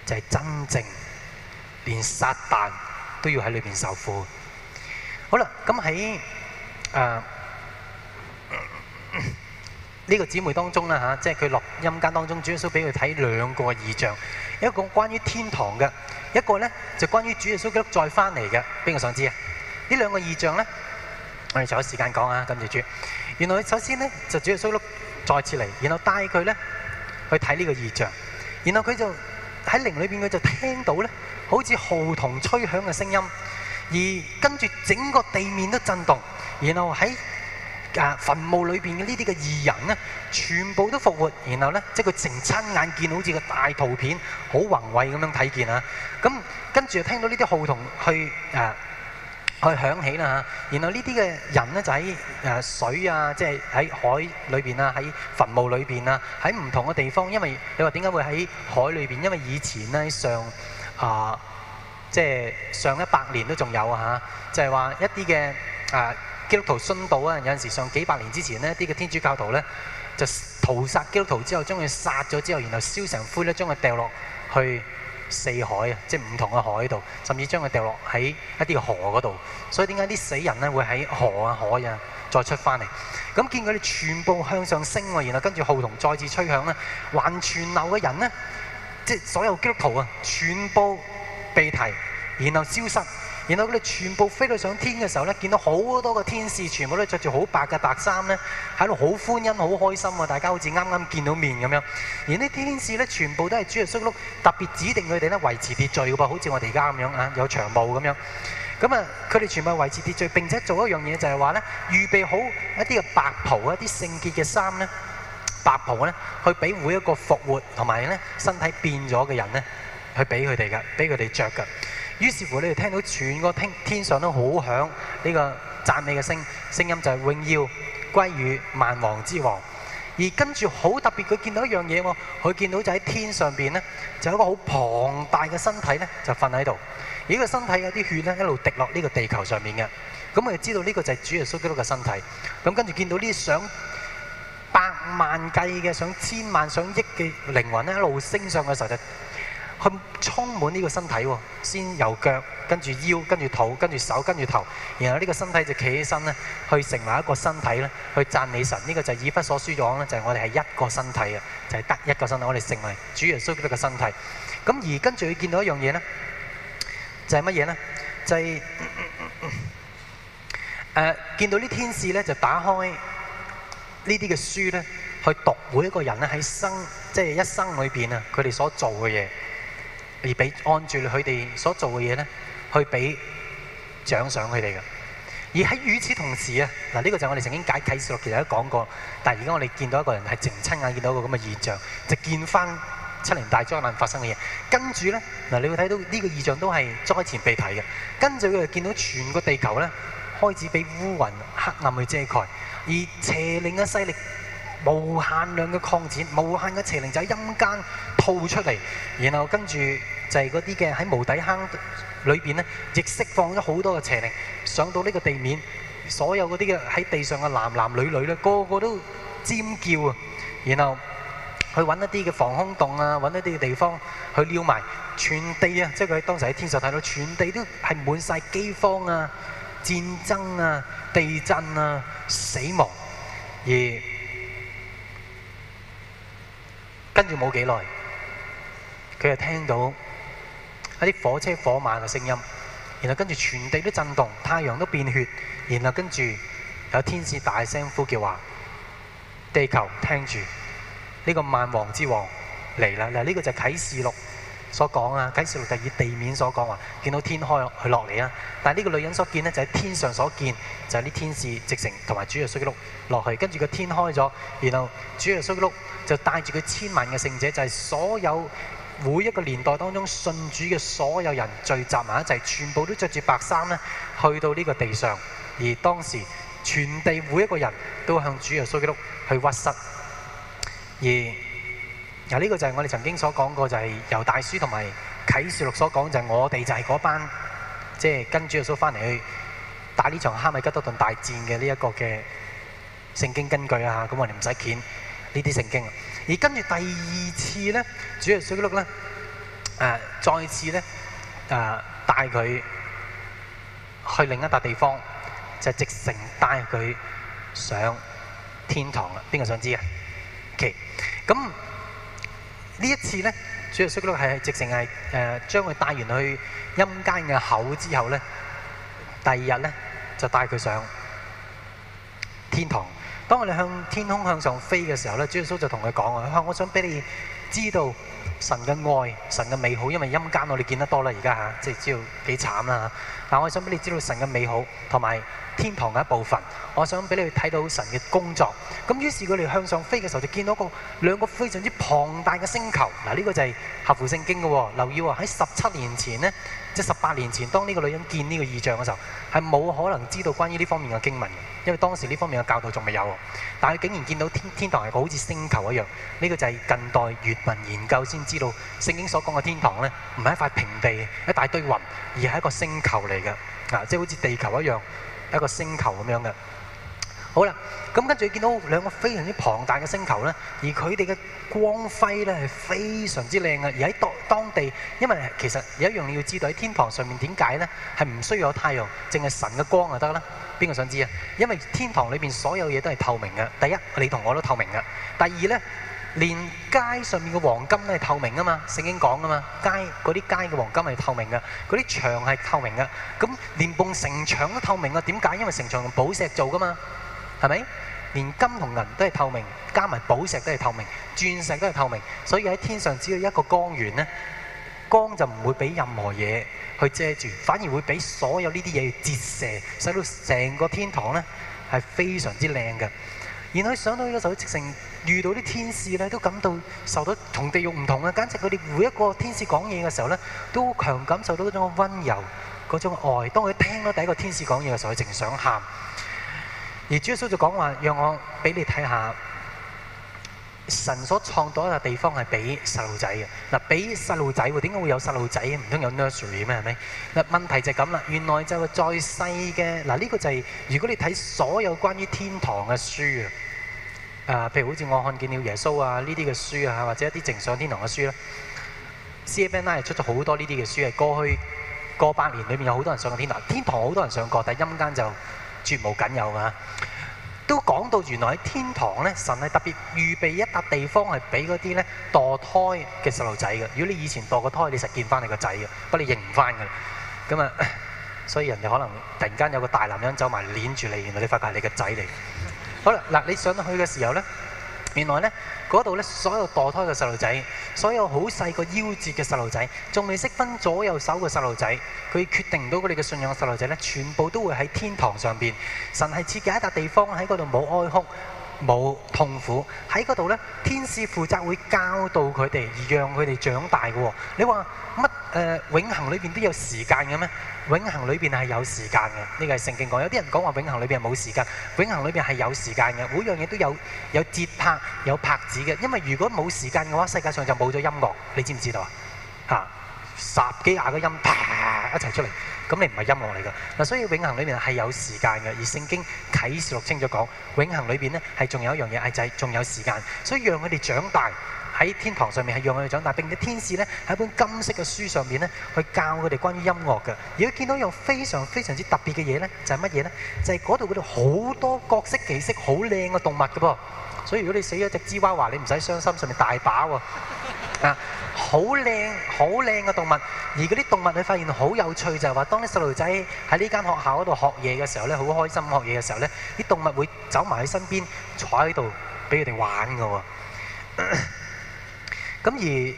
就係、是、真正連撒但都要喺裏邊受苦。好啦，咁喺誒呢個姊妹當中啦吓，即係佢落陰間當中，主耶穌俾佢睇兩個異象。一個關於天堂嘅，一個咧就關於主耶穌基督再翻嚟嘅。邊個想知兩個啊？呢兩個異象咧，我哋就有時間講啊。跟住主。原來首先咧就主耶穌基督再次嚟，然後帶佢咧去睇呢個異象，然後佢就。喺靈裏邊佢就聽到咧，好似號筒吹響嘅聲音，而跟住整個地面都震動，然後喺啊、呃、墳墓裏邊嘅呢啲嘅異人咧，全部都復活，然後咧即係佢成親眼見到，好似個大圖片，好宏偉咁樣睇見啊！咁跟住就聽到呢啲號筒去啊。呃去響起啦嚇，然後呢啲嘅人呢，就喺誒水啊，即係喺海裏邊啊，喺墳墓裏邊啊，喺唔同嘅地方。因為你話點解會喺海裏邊？因為以前呢，上啊，即係上一百年都仲有嚇，就係話一啲嘅誒基督徒殉道啊，有陣時上幾百年之前咧，啲嘅天主教徒呢，就屠殺基督徒之後，將佢殺咗之後，然後燒成灰咧，將佢掉落去。四海啊，即係唔同嘅海度，甚至將佢掉落喺一啲河嗰度。所以點解啲死人呢會喺河啊、海啊再出翻嚟？咁見佢哋全部向上升喎，然後跟住號筒再次吹響咧，還存留嘅人呢，即係所有基督徒啊，全部被提，然後消失。然後佢哋全部飛到上天嘅時候呢，見到好多個天使，全部都着住好白嘅白衫呢，喺度好歡欣、好開心啊！大家好似啱啱見到面咁樣。而啲天使呢，全部都係主耶穌特別指定佢哋呢，維持秩序嘅噃，好似我哋而家咁樣啊，有長毛咁樣。咁啊，佢哋全部維持秩序，並且做一樣嘢就係話呢，預備好一啲嘅白袍、一啲聖潔嘅衫呢，白袍呢去俾每一個復活同埋呢身體變咗嘅人呢，去俾佢哋嘅，俾佢哋着嘅。於是乎，你哋聽到全個天天上都好響呢個讚美嘅聲聲音就係榮，就係榮耀歸於萬王之王。而跟住好特別，佢見到一樣嘢喎，佢見到就喺天上邊呢，就有一個好龐大嘅身體呢，就瞓喺度。而，個身體有啲血呢，一路滴落呢個地球上面嘅。咁我哋知道呢個就係主耶穌基督嘅身體。咁跟住見到啲想百萬計嘅、想千萬、想億嘅靈魂呢，一路升上嘅時候就。佢充滿呢個身體喎，先由腳，跟住腰，跟住肚，跟住手，跟住頭，然後呢個身體就企起身咧，去成為一個身體咧，去讚你神。呢個就係以弗所書講咧，就係我哋係一個身體啊，就係得一個身體。我哋成為主耶穌基督嘅身體。咁而跟住佢見到一樣嘢咧，就係乜嘢咧？就係誒見到啲天使咧，就打開呢啲嘅書咧，去讀每一個人咧喺生即係一生裏邊啊，佢哋所做嘅嘢。而俾按住佢哋所做嘅嘢咧，去俾獎賞佢哋嘅。而喺與此同時啊，嗱、這、呢個就係我哋曾經解啟示錄其實都講過，但係而家我哋見到一個人係靜親眼見到一個咁嘅現象，就見翻七年大災難發生嘅嘢。跟住咧，嗱你會睇到呢個現象都係災前被睇嘅。跟住佢就見到全個地球咧開始俾烏雲黑暗去遮蓋，而邪靈嘅勢力無限量嘅擴展，無限嘅邪靈就喺陰間。吐出嚟，然後跟住就係嗰啲嘅喺無底坑裏邊咧，亦釋放咗好多嘅邪靈上到呢個地面，所有嗰啲嘅喺地上嘅男男女女咧，個個都尖叫啊！然後去揾一啲嘅防空洞啊，揾一啲嘅地方去匿埋，全地啊！即係佢喺當時喺天上睇到，全地都係滿晒饑荒啊、戰爭啊、地震啊、死亡，而跟住冇幾耐。佢就聽到一啲火車火馬嘅聲音，然後跟住全地都震動，太陽都變血，然後跟住有天使大聲呼叫話：地球聽住，呢個萬王之王嚟啦！嗱，呢個就係啟示錄所講啊，啟示錄就係以地面所講話，見到天開佢落嚟啊。但係呢個女人所見呢，就喺天上所見，就係啲天使直成同埋主耶穌基督落去，跟住個天開咗，然後主耶穌基督就帶住佢千萬嘅聖者，就係所有。每一個年代當中信主嘅所有人聚集埋一齊，全部都着住白衫咧，去到呢個地上。而當時全地每一個人都向主耶穌基督去屈膝。而嗱，呢、這個就係我哋曾經所講過，就係、是、由大書同埋啟示錄所講，就係、是、我哋就係嗰班，即、就、係、是、跟主耶穌翻嚟去打呢場哈米吉多頓大戰嘅呢一個嘅聖經根據啊！咁我哋唔使見呢啲聖經。而跟住第二次咧，主耶穌基督咧，誒、呃、再次咧，誒、呃、帶佢去另一笪地方，就是、直情帶佢上天堂喇。邊個想知啊？OK，咁呢一次咧，主耶穌基督係直情係誒將佢帶完去陰間嘅口之後咧，第二日咧就帶佢上天堂。當我哋向天空向上飛嘅時候咧，主耶穌就同佢講：，佢話我想俾你知道神嘅愛，神嘅美好，因為陰間我哋見得多啦，而家吓，即係知道幾慘啦。但我想俾你知道神嘅美好，同埋天堂嘅一部分。我想俾你睇到神嘅工作。咁於是佢哋向上飛嘅時候，就見到個兩個非常之龐大嘅星球。嗱，呢個就係合乎聖經嘅。留意喎，喺十七年前呢，即十八年前，當呢個女人見呢個異象嘅時候，係冇可能知道關於呢方面嘅經文，因為當時呢方面嘅教導仲未有。但係竟然見到天天堂係個好似星球一樣，呢個就係近代粵文研究先知道聖經所講嘅天堂呢，唔係一塊平地，一大堆雲，而係一個星球嚟嘅，啊，即好似地球一樣，一個星球咁樣嘅。好啦，咁跟住見到兩個非常之龐大嘅星球呢，而佢哋嘅光輝呢係非常之靚嘅。而喺當地，因為其實有一樣你要知道喺天堂上面點解呢？係唔需要有太陽，淨係神嘅光就得啦。邊個想知啊？因為天堂裏面所有嘢都係透明嘅。第一，你同我都透明嘅。第二呢，連街上面嘅黃金都係透明啊嘛。聖經講啊嘛，街嗰啲街嘅黃金係透明嘅，嗰啲牆係透明嘅。咁連埲城牆都透明啊？點解？因為城牆用寶石做噶嘛。係咪？連金同銀都係透明，加埋寶石都係透明，鑽石都係透明。所以喺天上只有一個光源咧，光就唔會俾任何嘢去遮住，反而會俾所有呢啲嘢折射，使到成個天堂咧係非常之靚嘅。然後上到去嘅時候直情遇到啲天使咧，都感到受到同地獄唔同呀，簡直佢哋每一個天使講嘢嘅時候咧，都強感受到嗰種溫柔嗰種愛。當佢聽到第一個天使講嘢嘅時候，佢淨想喊。而主耶穌就講話，讓我俾你睇下，神所創造一個地方係俾細路仔嘅。嗱，俾細路仔喎，點解會有細路仔？唔通有 nursery 咩？係咪？嗱，問題就係咁啦。原來就係再細嘅嗱，呢、這個就係、是、如果你睇所有關於天堂嘅書啊，誒、呃，譬如好似我看見了耶穌啊呢啲嘅書啊，或者一啲淨上天堂嘅書咧。C F N I 出咗好多呢啲嘅書嘅。過去過百年裏面有好多人上過天堂，天堂好多人上過，但係陰間就。絕無僅有㗎，都講到原來喺天堂咧，神係特別預備一笪地方係俾嗰啲呢墮胎嘅細路仔㗎。如果你以前墮過胎，你實見翻你個仔㗎，不過你認唔翻㗎喇。咁啊，所以人哋可能突然間有個大男人走埋攆住你，原來你發覺係你個仔嚟。 好啦，嗱，你上去嘅時候呢，原來呢。嗰度咧，所有墮胎嘅細路仔，所有好細個夭折嘅細路仔，仲未識分左右手嘅細路仔，佢決定唔到佢哋嘅信仰嘅細路仔咧，全部都會喺天堂上邊，神係設計一笪地方喺嗰度冇哀哭。冇痛苦喺嗰度呢，天使負責會教導佢哋，而讓佢哋長大嘅喎。你話乜？誒、呃、永恆裏邊都有時間嘅咩？永恆裏邊係有時間嘅。呢個係聖經講，有啲人講話永恆裏邊冇時間，永恆裏邊係有時間嘅。每樣嘢都有有節拍、有拍子嘅。因為如果冇時間嘅話，世界上就冇咗音樂。你知唔知道啊？嚇！十幾廿個音啪一齊出嚟，咁你唔係音樂嚟㗎。嗱，所以永恆裏面係有時間嘅，而聖經啟示錄清咗講，永恆裏邊呢係仲有一樣嘢，係就係、是、仲有時間，所以讓佢哋長大喺天堂上面係讓佢哋長大，並且天使呢，喺一本金色嘅書上面呢，去教佢哋關於音樂嘅。而佢見到一樣非常非常之特別嘅嘢呢，就係乜嘢呢？就係嗰度度好多各色奇色好靚嘅動物嘅噃。所以如果你死咗隻蜘蛛，話你唔使傷心，上面大把喎，啊，好靚好靚嘅動物，而嗰啲動物你發現好有趣就係話，當啲細路仔喺呢間學校度學嘢嘅時候咧，好開心學嘢嘅時候咧，啲動物會走埋喺身邊坐喺度俾佢哋玩㗎喎、啊。咁 而誒、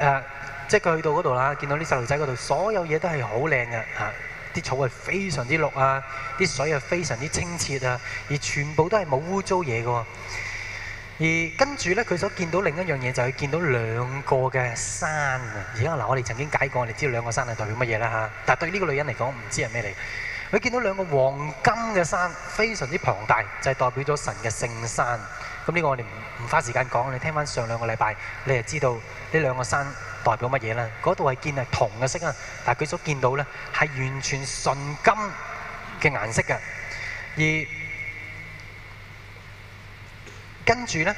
啊啊，即係佢去到嗰度啦，見到啲細路仔嗰度，所有嘢都係好靚嘅，嚇、啊，啲草係非常之綠啊，啲水係非常之清澈啊，而全部都係冇污糟嘢㗎。而跟住呢，佢所見到另一樣嘢就係見到兩個嘅山啊！而家嗱，我哋曾經解過，我哋知道兩個山係代表乜嘢啦嚇。但對呢個女人嚟講，唔知係咩嚟。佢見到兩個黃金嘅山，非常之龐大，就係代表咗神嘅聖山。咁呢個我哋唔花時間講，你聽翻上兩個禮拜，你係知道呢兩個山代表乜嘢啦。嗰度係見係銅嘅色啊，但係佢所見到呢係完全純金嘅顏色嘅。而跟住呢，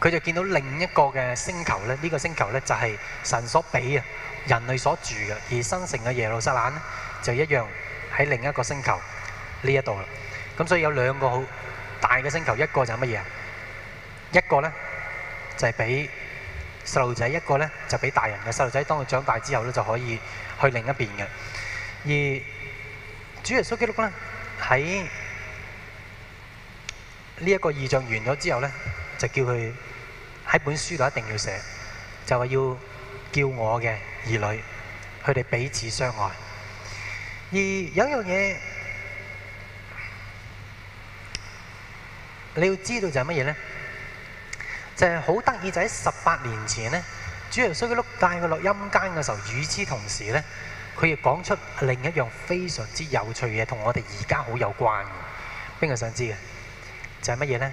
佢就見到另一個嘅星球呢。呢個星球呢就係神所俾啊，人類所住嘅。而新城嘅耶路撒冷就一樣喺另一個星球呢一度啦。咁所以有兩個好大嘅星球，一個就乜嘢啊？一個呢就係俾細路仔，一個呢就俾大人嘅細路仔。當佢長大之後呢，就可以去另一邊嘅。而主耶穌記錄呢喺。呢、這、一個意象完咗之後呢，就叫佢喺本書度一定要寫，就話要叫我嘅兒女，佢哋彼此相愛。而有一樣嘢，你要知道就係乜嘢呢？就係好得意就喺十八年前呢，主耶穌嘅碌帶佢落陰間嘅時候，與之同時呢，佢亦講出另一樣非常之有趣嘅嘢，同我哋而家好有關嘅。邊個想知嘅？就係乜嘢呢？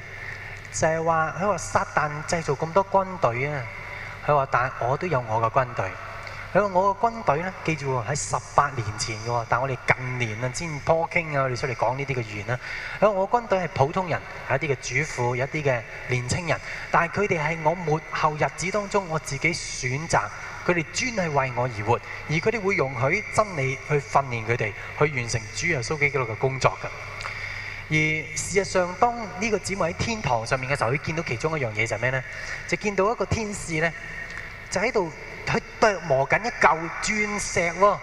就係話佢話撒旦製造咁多軍隊啊！佢話但我都有我嘅軍隊。佢話我嘅軍隊呢，記住喺十八年前嘅。但係我哋近年啊，先破傾啊，我哋出嚟講呢啲嘅語言啦。佢話我軍隊係普通人，係一啲嘅主婦，有一啲嘅年青人。但係佢哋係我末後日子當中，我自己選擇佢哋專係為我而活，而佢哋會容許真理去訓練佢哋去完成主耶穌基督嗰度嘅工作㗎。而事實上，當呢個姊妹喺天堂上面嘅時候，佢見到其中一樣嘢就係咩咧？就見到一個天使咧，就喺度喺琢磨緊一嚿鑽石喎。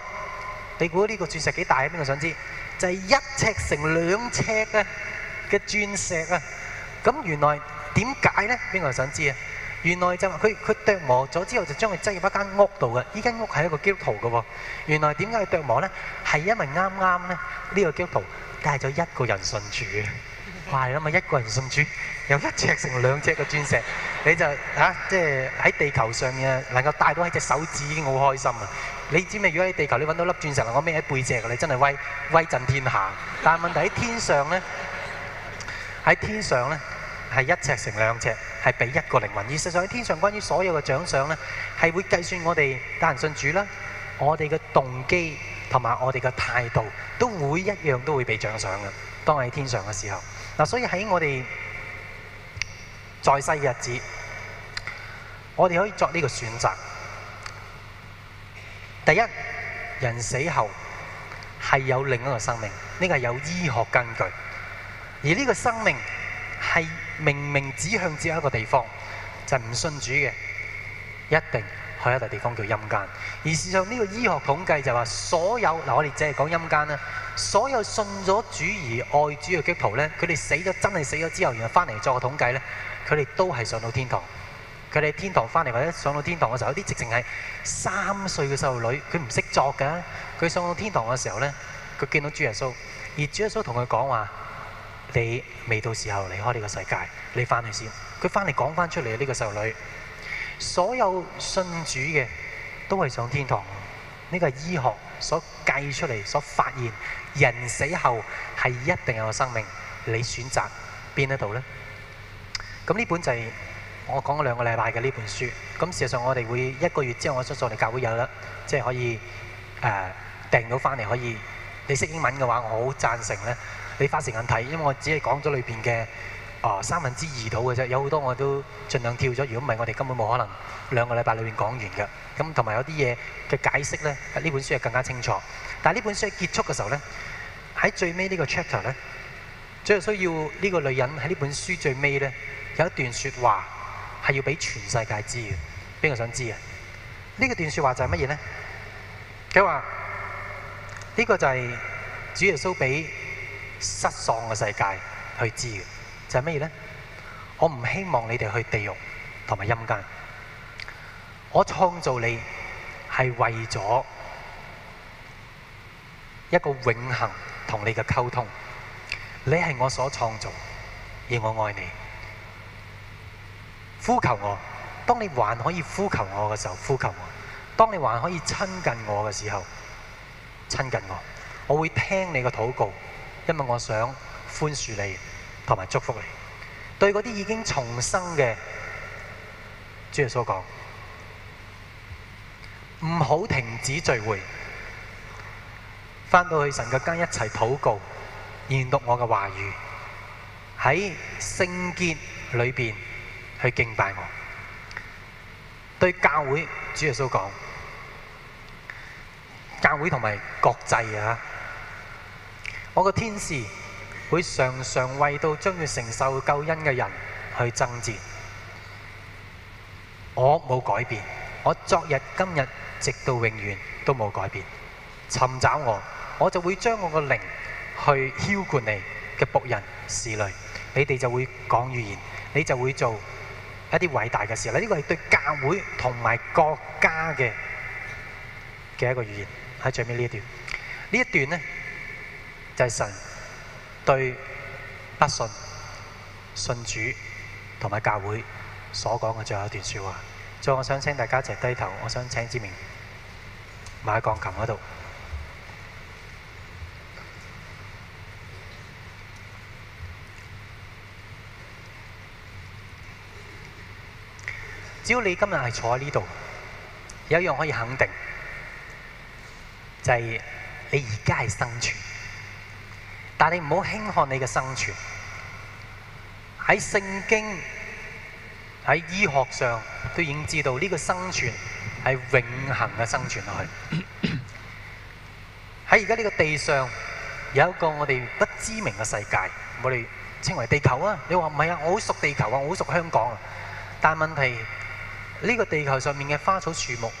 你估呢個鑽石幾大啊？邊個想知？就係一尺乘兩尺嘅嘅鑽石啊！咁原來點解咧？邊個想知啊？原來就話佢佢琢磨咗之後，就將佢擠入一間屋度嘅。呢間屋係一個基督徒嘅喎。原來點解琢磨咧？係因為啱啱咧呢個基督徒。帶咗一個人信主，係吖嘛，一個人信主，有一尺乘兩尺嘅鑽石，你就嚇、啊，即係喺地球上面能夠帶到喺隻手指已經好開心啊！你知未？如果喺地球你揾到粒鑽石，我孭喺背脊，你真係威威震天下。但係問題喺天上呢，喺天上呢，係一尺乘兩尺，係俾一個靈魂。而事實上喺天上，關於所有嘅獎賞呢，係會計算我哋帶人信主啦，我哋嘅動機。同埋我哋嘅態度，都會一樣都會被獎賞嘅。當喺天上嘅時候，嗱，所以喺我哋在世嘅日子，我哋可以作呢個選擇。第一，人死後係有另一個生命，呢個係有醫學根據。而呢個生命係明明指向只有一個地方，就係唔信主嘅，一定。喺一個地方叫陰間，而事實上呢個醫學統計就話，所有嗱我哋淨係講陰間啦，所有信咗主而愛主嘅基督徒咧，佢哋死咗真係死咗之後，然後翻嚟作個統計咧，佢哋都係上到天堂。佢哋喺天堂翻嚟或者上到天堂嘅時候，有啲直情係三歲嘅細路女，佢唔識作㗎，佢上到天堂嘅時候咧，佢見到主耶穌，而主耶穌同佢講話：你未到時候離開呢個世界，你翻去先。佢翻嚟講翻出嚟呢、這個細路女。所有信主嘅都係上天堂。呢個係醫學所計出嚟、所發現，人死後係一定有生命。你選擇邊一度呢？咁呢本就係我講咗兩個禮拜嘅呢本書。咁事實上我哋會一個月之後，我相信你教會有得即係可以誒訂、呃、到翻嚟。可以你識英文嘅話，我好贊成咧。你花時間睇，因為我只係講咗裏邊嘅。哦，三分之二到嘅啫，有好多我都儘量跳咗。如果唔係，我哋根本冇可能兩個禮拜裏面講完嘅。咁同埋有啲嘢嘅解釋咧，呢本書係更加清楚。但係呢本書喺結束嘅時候咧，喺最尾呢個 chapter 咧，最需要呢個女人喺呢本書最尾咧有一段説話係要俾全世界知嘅。邊個想知呀？呢、這個段説話就係乜嘢咧？佢話呢個就係主耶穌俾失喪嘅世界去知嘅。就係咩呢？我唔希望你哋去地獄同埋陰間。我創造你係為咗一個永恆同你嘅溝通。你係我所創造，而我愛你。呼求我，當你還可以呼求我嘅時候，呼求我；當你還可以親近我嘅時候，親近我。我會聽你嘅禱告，因為我想寬恕你。同埋祝福你，對嗰啲已經重生嘅主耶穌講，唔好停止聚會，翻到去神嘅間一齊禱告，研讀我嘅話語，喺聖潔裏邊去敬拜我。對教會，主耶穌講，教會同埋國際啊，我嘅天使。會常常為到將要承受救恩嘅人去爭戰。我冇改變，我昨日、今日、直到永遠都冇改變。尋找我，我就會將我個靈去澆灌你嘅僕人、使女，你哋就會講預言，你就會做一啲偉大嘅事啦。呢個係對教會同埋國家嘅嘅一個預言。喺最尾呢一段，呢一段呢就係神。對不信、信主同埋教會所講嘅最後一段說話，最後我想請大家一齊低頭。我想請志明埋鋼琴嗰度。只要你今日係坐喺呢度，有一樣可以肯定，就係、是、你而家係生存。但你唔好輕看你嘅生存，喺聖經、喺醫學上都已經知道呢個生存係永恒嘅生存落去。喺而家呢個地上有一個我哋不知名嘅世界，我哋稱為地球啊。你話唔係啊？我好熟地球啊，我好熟香港啊。但係問題，呢個地球上面嘅花草樹木、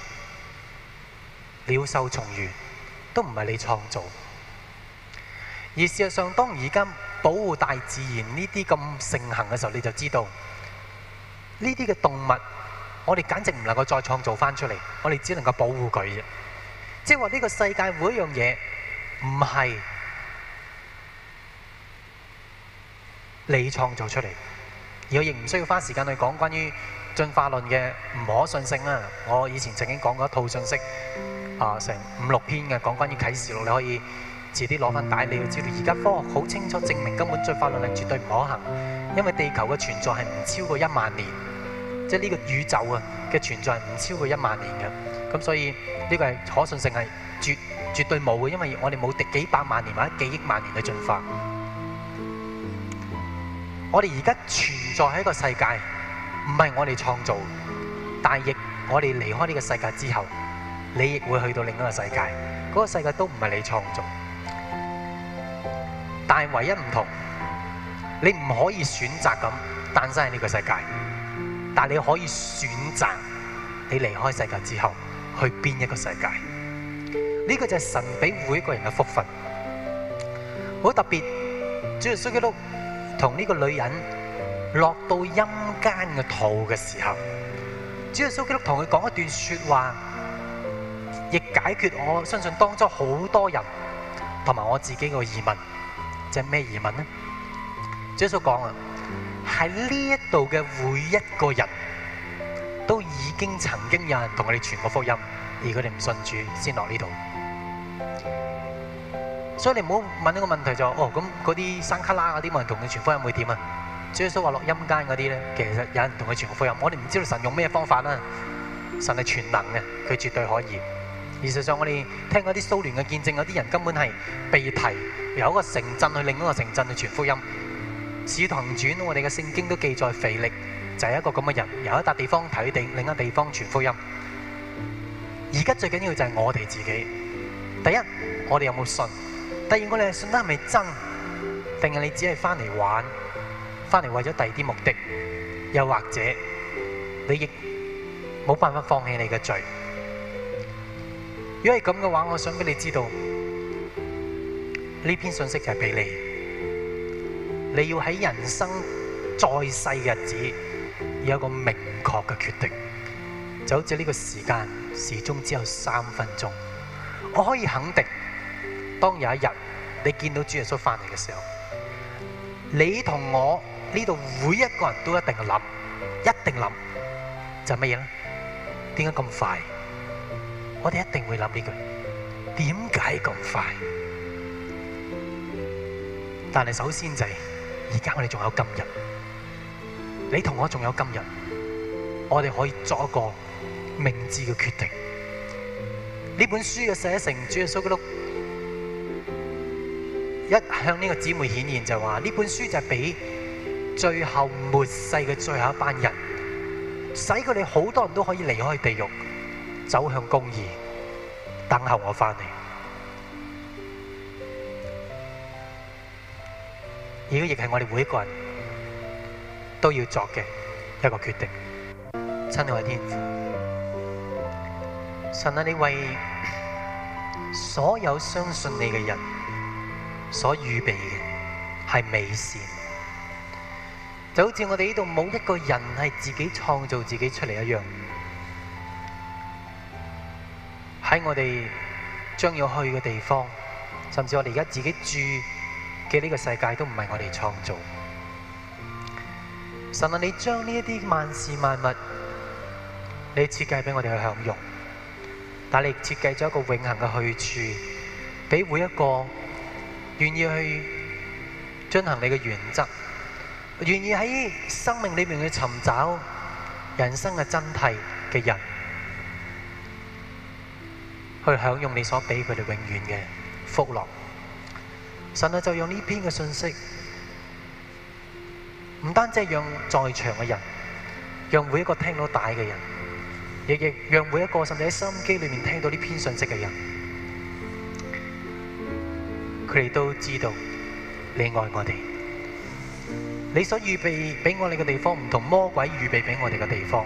鳥獸蟲魚都唔係你創造。而事實上，當而家保護大自然呢啲咁盛行嘅時候，你就知道呢啲嘅動物，我哋簡直唔能夠再創造翻出嚟，我哋只能夠保護佢啫。即係話呢個世界每樣嘢唔係你創造出嚟，而我亦唔需要花時間去講關於進化論嘅唔可信性啦。我以前曾經講過一套信息啊，成五六篇嘅講關於啟示錄，你可以，遲啲攞翻帶，你要知道，而家科學好清楚證明，根本進化論係絕對唔可行，因為地球嘅存在係唔超過一萬年，即係呢個宇宙啊嘅存在係唔超過一萬年嘅。咁所以呢個係可信性係絕絕對冇嘅，因為我哋冇滴幾百萬年或者幾億萬年去進化。我哋而家存在喺個世界，唔係我哋創造，但亦我哋離開呢個世界之後，你亦會去到另一個世界，嗰個世界都唔係你創造。但唯一唔同，你唔可以選擇咁誕生喺呢個世界，但你可以選擇你離開世界之後去邊一個世界。呢、這個就係神俾每一個人嘅福分。好特別，主耶穌基督同呢個女人落到陰間嘅土嘅時候，主耶穌基督同佢講一段說話，亦解決我，我相信當中好多人同埋我自己個疑問。即咩疑問呢？耶穌講啊，喺呢一度嘅每一個人都已經曾經有人同佢哋傳過福音，而佢哋唔信主先落呢度。所以你唔好問呢個問題就是，哦，咁嗰啲山卡拉嗰啲冇人同佢傳福音會點啊？耶穌話落陰間嗰啲咧，其實有人同佢傳過福音，我哋唔知道神用咩方法啦。神係全能嘅，佢絕對可以。事實上，我哋聽過啲蘇聯嘅見證，有啲人根本係被提，由一個城鎮去另一個城鎮去傳福音。使徒行傳我哋嘅聖經都記載腓力就係一個咁嘅人，由一笪地方睇定另一地方傳福音。而家最緊要就係我哋自己。第一，我哋有冇信？第二，我哋嘅信得係咪真？定係你只係翻嚟玩，翻嚟為咗第二啲目的？又或者你亦冇辦法放棄你嘅罪？如果係咁嘅話，我想俾你知道，呢篇信息就係俾你。你要喺人生在世嘅日子，要有一個明確嘅決定。就好似呢個時間時鐘只有三分鐘，我可以肯定，當有一日你見到主耶穌返嚟嘅時候，你同我呢度每一個人都一定諗，一定諗就係乜嘢咧？點解咁快？我哋一定會諗呢句：點解咁快？但係首先就係、是，而家我哋仲有今日，你同我仲有今日，我哋可以作一個明智嘅決定。呢本書嘅寫成，主耶穌基督一向呢個姐妹顯現就話：呢本書就係俾最後末世嘅最後一班人，使佢哋好多人都可以離開地獄。走向公義，等候我翻嚟。而家亦係我哋每一個人都要作嘅一個決定。親愛嘅天父，神啊，你為所有相信你嘅人所預備嘅係美善，就好似我哋呢度冇一個人係自己創造自己出嚟一樣。喺我哋將要去嘅地方，甚至我哋而家自己住嘅呢個世界，都唔係我哋創造。神啊，你將呢一啲萬事萬物，你設計俾我哋去享用，但係你設計咗一個永恆嘅去處，俾每一個願意去進行你嘅原則，願意喺生命裡面去尋找人生嘅真諦嘅人。去享用你所給佢哋永遠嘅福樂。神啊，就用呢篇嘅信息，唔單止讓在場嘅人，讓每一個聽到大嘅人，亦亦讓每一個甚至喺收音機裏面聽到呢篇信息嘅人，佢哋都知道你愛我哋。你所預備給我哋嘅地方，唔同魔鬼預備給我哋嘅地方。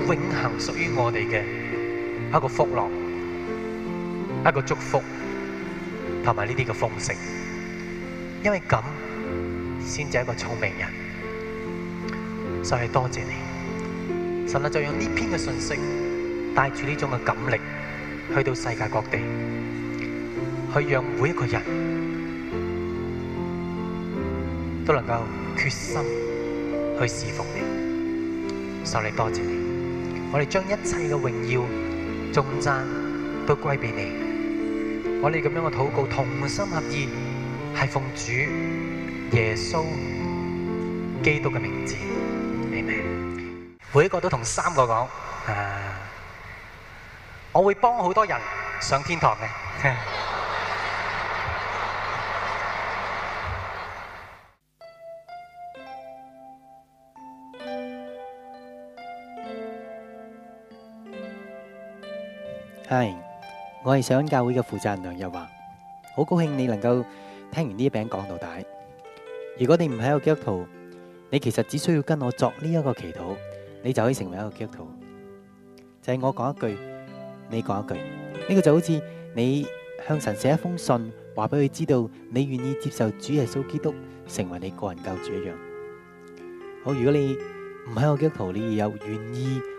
永恆屬於我哋嘅一個福樂，一個祝福，同埋呢啲嘅奉承，因為咁先至係一個聰明人。所以多謝你，神啊！就用呢篇嘅信息，帶住呢種嘅感力，去到世界各地，去讓每一個人都能夠決心去侍奉你。上帝，多謝你。我哋將一切嘅榮耀、頌讚都歸俾你。我哋咁樣嘅禱告，同心合意，係奉主耶穌基督嘅名字。阿門。每一個都同三個講，誒，我會幫好多人上天堂嘅。Hi，我係上緊教會嘅負責人梁日華，好高興你能夠聽完呢一餅講到底。如果你唔係一個基督徒，你其實只需要跟我作呢一個祈禱，你就可以成為一個基督徒。就係我講一句，你講一句，呢個就好似你向神寫一封信，話俾佢知道你願意接受主耶穌基督成為你個人救主一樣。好，如果你唔係一個基督徒，你又願意，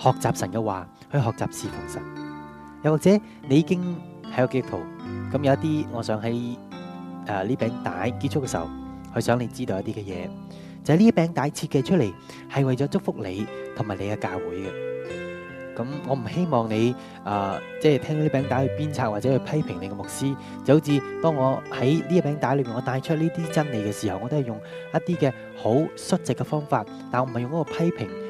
學習神嘅話，去學習侍奉神。又或者你已經喺個基督徒，咁有一啲，我想喺誒呢餅帶結束嘅時候，去想你知道一啲嘅嘢，就係呢餅帶設計出嚟係為咗祝福你同埋你嘅教會嘅。咁我唔希望你誒即係聽到呢餅帶去鞭策或者去批評你嘅牧師，就好似當我喺呢一餅帶裏面，我帶出呢啲真理嘅時候，我都係用一啲嘅好率直嘅方法，但係我唔係用嗰個批評。